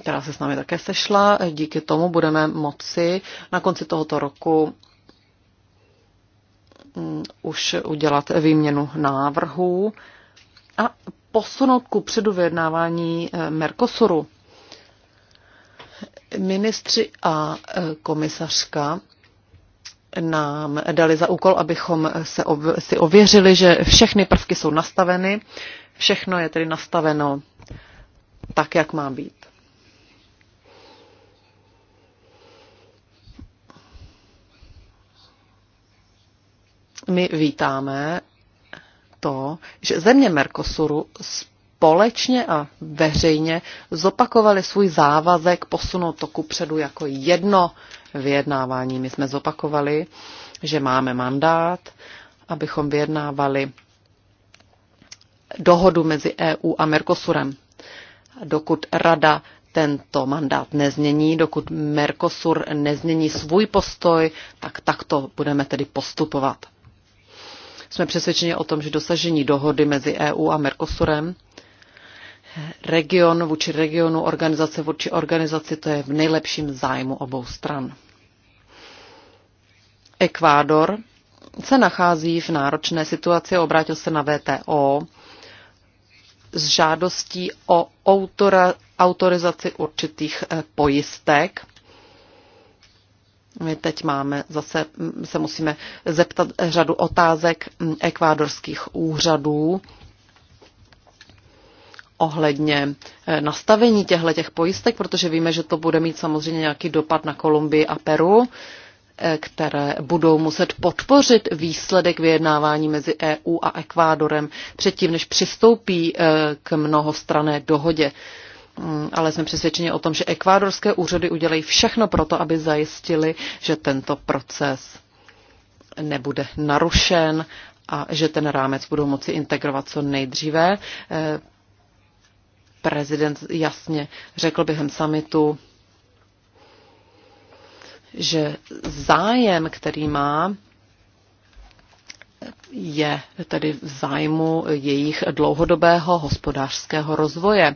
která se s námi také sešla, díky tomu budeme moci na konci tohoto roku Mm, už udělat výměnu návrhů a posunout ku předu vyjednávání eh, Mercosuru. Ministři a eh, komisařka nám dali za úkol, abychom se ov, si ověřili, že všechny prvky jsou nastaveny, všechno je tedy nastaveno tak, jak má být. My vítáme to, že země Mercosuru společně a veřejně zopakovali svůj závazek posunout to předu jako jedno vyjednávání. My jsme zopakovali, že máme mandát, abychom vyjednávali dohodu mezi EU a Mercosurem. Dokud Rada tento mandát nezmění, dokud Mercosur nezmění svůj postoj, tak takto budeme tedy postupovat. Jsme přesvědčeni o tom, že dosažení dohody mezi EU a Mercosurem region vůči regionu, organizace vůči organizaci, to je v nejlepším zájmu obou stran. Ekvádor se nachází v náročné situaci, obrátil se na VTO s žádostí o autora, autorizaci určitých eh, pojistek my teď máme zase, se musíme zeptat řadu otázek ekvádorských úřadů ohledně eh, nastavení těchto těch pojistek, protože víme, že to bude mít samozřejmě nějaký dopad na Kolumbii a Peru, eh, které budou muset podpořit výsledek vyjednávání mezi EU a Ekvádorem předtím, než přistoupí eh, k mnohostrané dohodě. Mm, ale jsme přesvědčeni o tom, že ekvádorské úřady udělají všechno pro to, aby zajistili, že tento proces nebude narušen a že ten rámec budou moci integrovat co nejdříve. Eh, prezident jasně řekl během samitu, že zájem, který má, je tedy v zájmu jejich dlouhodobého hospodářského rozvoje.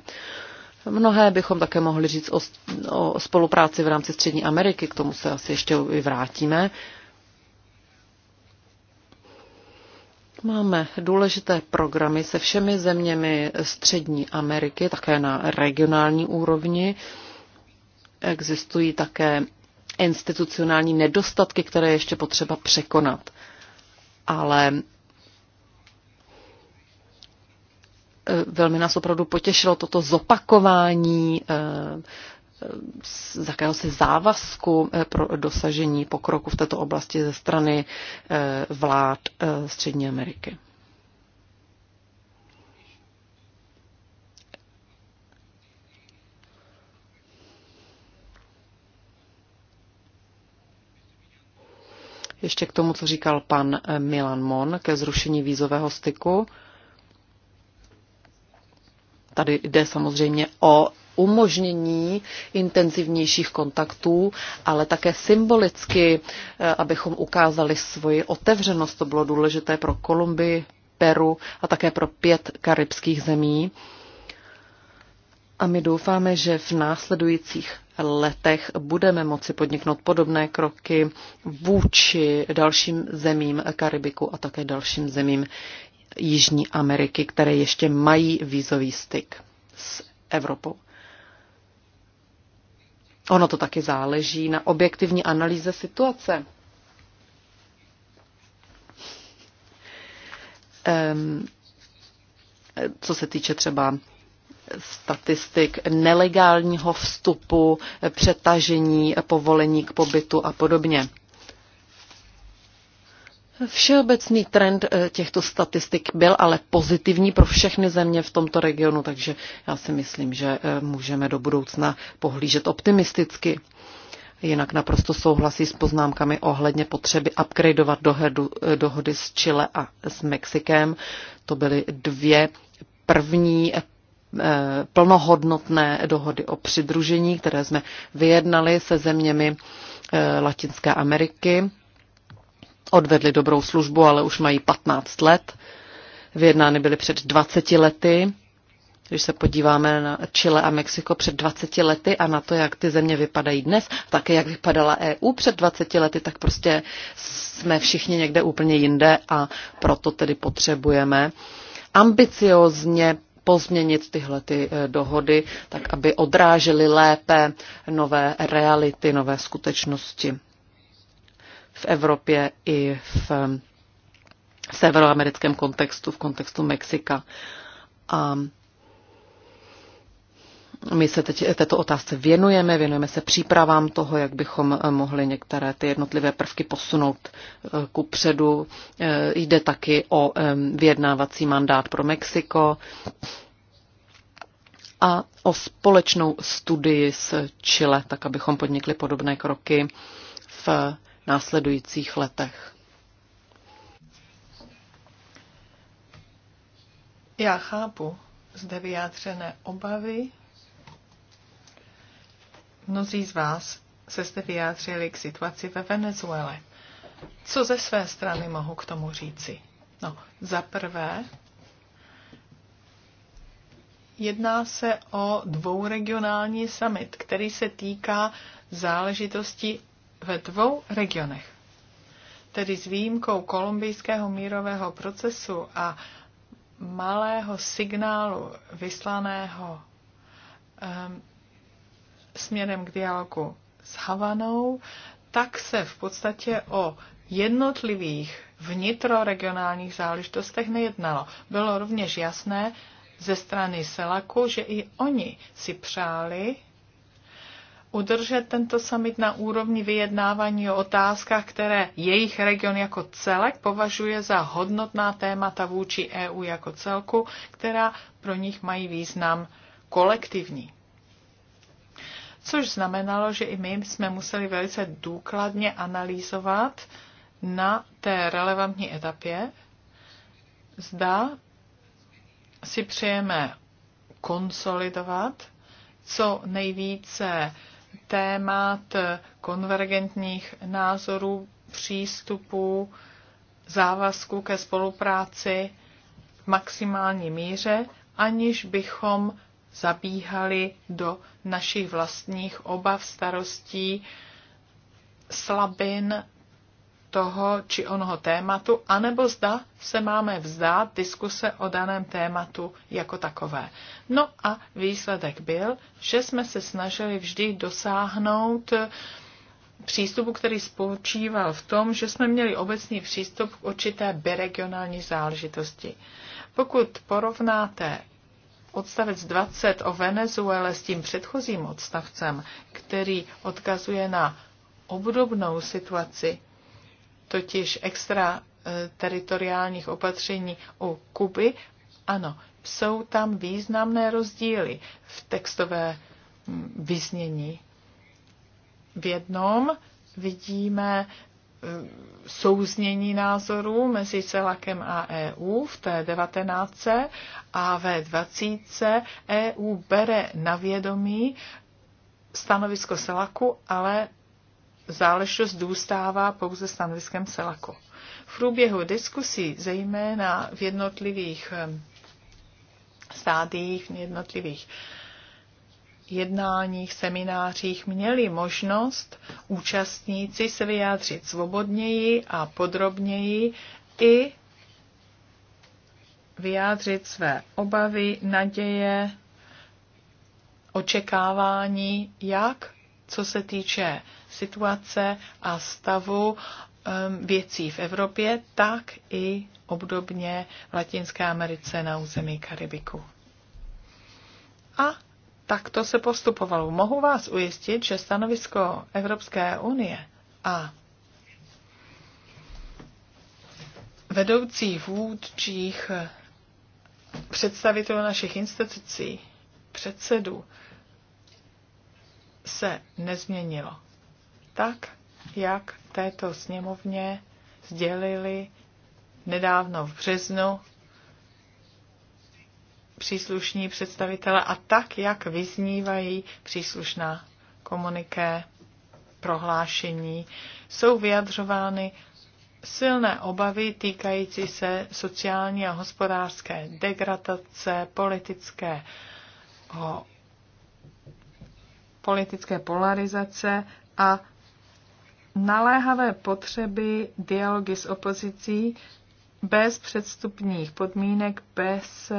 Mnohé bychom také mohli říct o, o spolupráci v rámci Střední Ameriky, k tomu se asi ještě i vrátíme. Máme důležité programy se všemi zeměmi Střední Ameriky, také na regionální úrovni. Existují také institucionální nedostatky, které ještě potřeba překonat. Ale Eh, velmi nás opravdu potěšilo toto zopakování eh, z jakéhosi závazku eh, pro dosažení pokroku v této oblasti ze strany vlád Střední Ameriky. Ještě k tomu, co říkal pan Milan Mon ke zrušení vízového styku. Tady jde samozřejmě o umožnění intenzivnějších kontaktů, ale také symbolicky, eh, abychom ukázali svoji otevřenost. To bylo důležité pro Kolumbii, Peru a také pro pět karibských zemí. A my doufáme, že v následujících letech budeme moci podniknout podobné kroky vůči dalším zemím Karibiku a také dalším zemím Jižní Ameriky, které ještě mají vízový styk s Evropou. Ono to taky záleží na objektivní analýze situace. Um, co se týče třeba statistik nelegálního vstupu, přetažení, povolení k pobytu a podobně. Všeobecný trend eh, těchto statistik byl ale pozitivní pro všechny země v tomto regionu, takže já si myslím, že eh, můžeme do budoucna pohlížet optimisticky. Jinak naprosto souhlasí s poznámkami ohledně potřeby upgradeovat dohodu, eh, dohody s Chile a s Mexikem. To byly dvě první plnohodnotné dohody o přidružení, které jsme vyjednali se zeměmi Latinské Ameriky odvedli dobrou službu, ale už mají 15 let. Vyjednány byly před 20 lety. Když se podíváme na Chile a Mexiko před 20 lety a na to, jak ty země vypadají dnes, také jak vypadala EU před 20 lety, tak prostě jsme všichni někde úplně jinde a proto tedy potřebujeme ambiciozně pozměnit tyhle ty eh, dohody, tak aby odrážely lépe nové reality, nové skutečnosti v Evropě i v severoamerickém kontextu, v kontextu Mexika. A my se teď této otázce věnujeme, věnujeme se přípravám toho, jak bychom mohli některé ty jednotlivé prvky posunout eh, ku předu. Eh, jde taky o eh, vyjednávací mandát pro Mexiko a o společnou studii s Chile, tak abychom podnikli podobné kroky v následujících letech. Já chápu zde vyjádřené obavy. Mnozí z vás se zde vyjádřili k situaci ve Venezuele. Co ze své strany mohu k tomu říci? No, za prvé, jedná se o dvouregionální summit, který se týká záležitosti ve dvou regionech. Tedy s výjimkou kolumbijského mírového procesu a malého signálu vyslaného um, směrem k dialogu s Havanou, tak se v podstatě o jednotlivých vnitroregionálních záležitostech nejednalo. Bylo rovněž jasné ze strany Selaku, že i oni si přáli udržet tento summit na úrovni vyjednávání o otázkách, které jejich region jako celek považuje za hodnotná témata vůči EU jako celku, která pro nich mají význam kolektivní. Což znamenalo, že i my jsme museli velice důkladně analýzovat na té relevantní etapě, zda si přejeme konsolidovat co nejvíce témat konvergentních názorů, přístupů, závazků ke spolupráci v maximální míře, aniž bychom zabíhali do našich vlastních obav, starostí, slabin toho či onoho tématu, anebo zda se máme vzdát diskuse o daném tématu jako takové. No a výsledek byl, že jsme se snažili vždy dosáhnout eh, přístupu, který spočíval v tom, že jsme měli obecný přístup k určité biregionální záležitosti. Pokud porovnáte odstavec 20 o Venezuele s tím předchozím odstavcem, který odkazuje na obdobnou situaci, totiž extra eh, teritoriálních opatření u Kuby, ano, jsou tam významné rozdíly v textové mm, vyznění. V jednom vidíme eh, souznění názorů mezi celakem a EU v té 19. a ve 20. EU bere na vědomí stanovisko Selaku, ale záležitost důstává pouze stanoviskem Selako. V průběhu diskusí, zejména v jednotlivých stádiích, v jednotlivých jednáních, seminářích měli možnost účastníci se vyjádřit svobodněji a podrobněji i vyjádřit své obavy, naděje, očekávání, jak co se týče situace a stavu um, věcí v Evropě, tak i obdobně v Latinské Americe na území Karibiku. A takto se postupovalo. Mohu vás ujistit, že stanovisko Evropské unie a vedoucí vůdčích představitelů našich institucí, předsedů, se nezměnilo. Tak, jak této sněmovně sdělili nedávno v březnu příslušní představitele a tak, jak vyznívají příslušná komuniké prohlášení, jsou vyjadřovány silné obavy týkající se sociální a hospodářské degradace, politického politické polarizace a naléhavé potřeby dialogy s opozicí bez předstupních podmínek, bez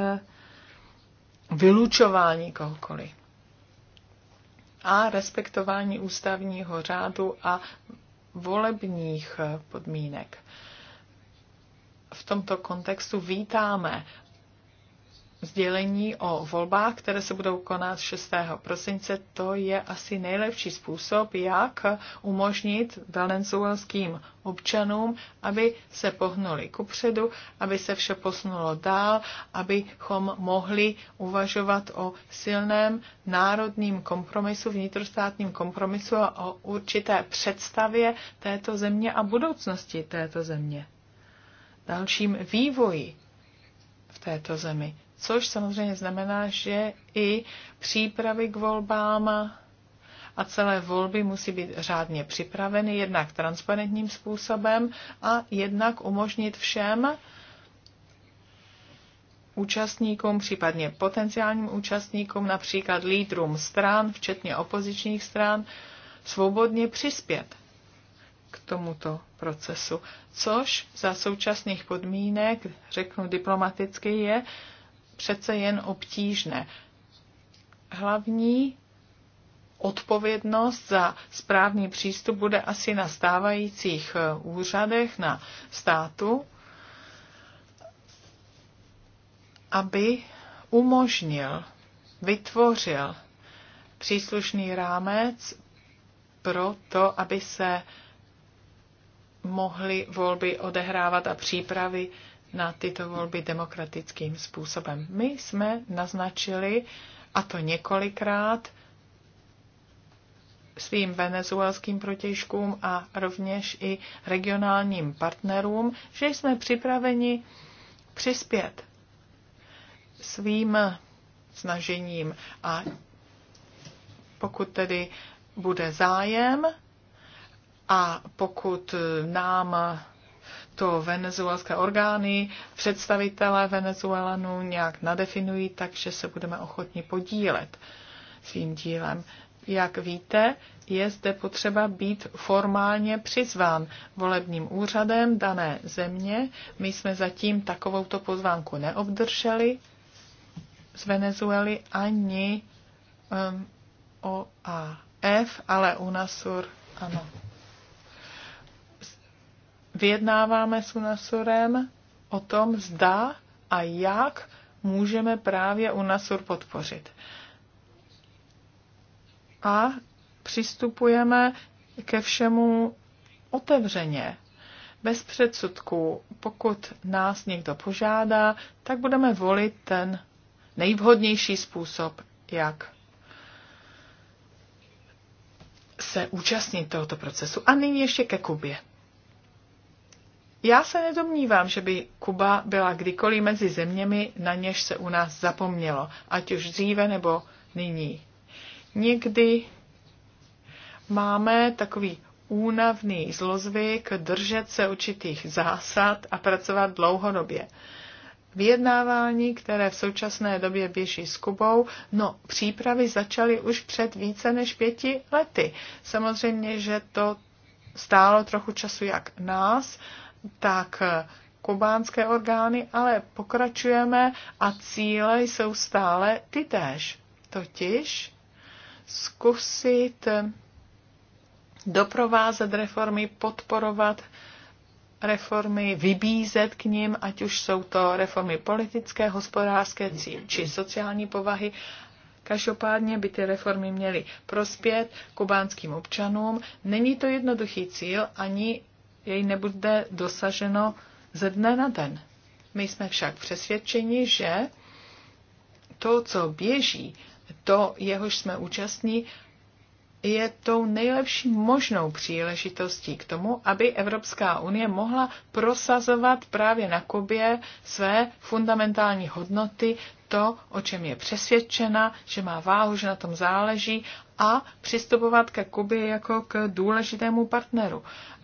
vylučování kohokoliv. A respektování ústavního řádu a volebních podmínek. V tomto kontextu vítáme sdělení o volbách, které se budou konat 6. prosince, to je asi nejlepší způsob, jak umožnit venezuelským občanům, aby se pohnuli kupředu, aby se vše posunulo dál, abychom mohli uvažovat o silném národním kompromisu, vnitrostátním kompromisu a o určité představě této země a budoucnosti této země. Dalším vývoji v této zemi což samozřejmě znamená, že i přípravy k volbám a celé volby musí být řádně připraveny, jednak transparentním způsobem a jednak umožnit všem účastníkům, případně potenciálním účastníkům, například lídrům stran, včetně opozičních stran, svobodně přispět k tomuto procesu. Což za současných podmínek, řeknu diplomaticky, je přece jen obtížné. Hlavní odpovědnost za správný přístup bude asi na stávajících eh, úřadech, na státu, aby umožnil, vytvořil příslušný rámec pro to, aby se mohly volby odehrávat a přípravy na tyto volby demokratickým způsobem. My jsme naznačili, a to několikrát, svým venezuelským protěžkům a rovněž i regionálním partnerům, že jsme připraveni přispět svým snažením a pokud tedy bude zájem a pokud nám to venezuelské orgány, představitelé Venezuelanů nějak nadefinují, takže se budeme ochotni podílet svým dílem. Jak víte, je zde potřeba být formálně přizván volebním úřadem dané země. My jsme zatím takovouto pozvánku neobdrželi z Venezuely ani um, OAF, ale UNASUR ano vyjednáváme s UNASURem o tom, zda a jak můžeme právě UNASUR podpořit. A přistupujeme ke všemu otevřeně, bez předsudků. Pokud nás někdo požádá, tak budeme volit ten nejvhodnější způsob, jak se účastnit tohoto procesu. A nyní ještě ke Kubě. Já se nedomnívám, že by Kuba byla kdykoliv mezi zeměmi, na něž se u nás zapomnělo, ať už dříve nebo nyní. Někdy máme takový únavný zlozvyk držet se určitých zásad a pracovat dlouhodobě. Vyjednávání, které v současné době běží s Kubou, no přípravy začaly už před více než pěti lety. Samozřejmě, že to stálo trochu času jak nás, tak eh, kubánské orgány, ale pokračujeme a cíle jsou stále ty též. Totiž zkusit eh, doprovázet reformy, podporovat reformy, vybízet k ním, ať už jsou to reformy politické, hospodářské či sociální povahy. Každopádně by ty reformy měly prospět kubánským občanům. Není to jednoduchý cíl, ani jej nebude dosaženo ze dne na den. My jsme však přesvědčeni, že to, co běží, to, jehož jsme účastní, je tou nejlepší možnou příležitostí k tomu, aby Evropská unie mohla prosazovat právě na Kubě své fundamentální hodnoty, to, o čem je přesvědčena, že má váhu, že na tom záleží a přistupovat ke Kubě jako k důležitému partneru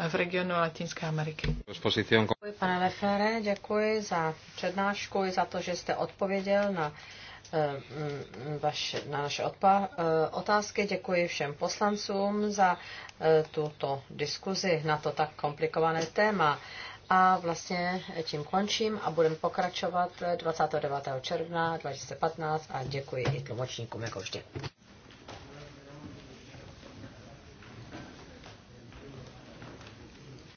v regionu Latinské Ameriky. Děkuji, pane Lefere, děkuji za přednášku i za to, že jste odpověděl na eh, mm, vaše, na naše odpa, eh, otázky. Děkuji všem poslancům za eh, tuto diskuzi na to tak komplikované téma. A vlastně tím končím a budeme pokračovat 29. června 2015 a děkuji i tlumočníkům jako vždy.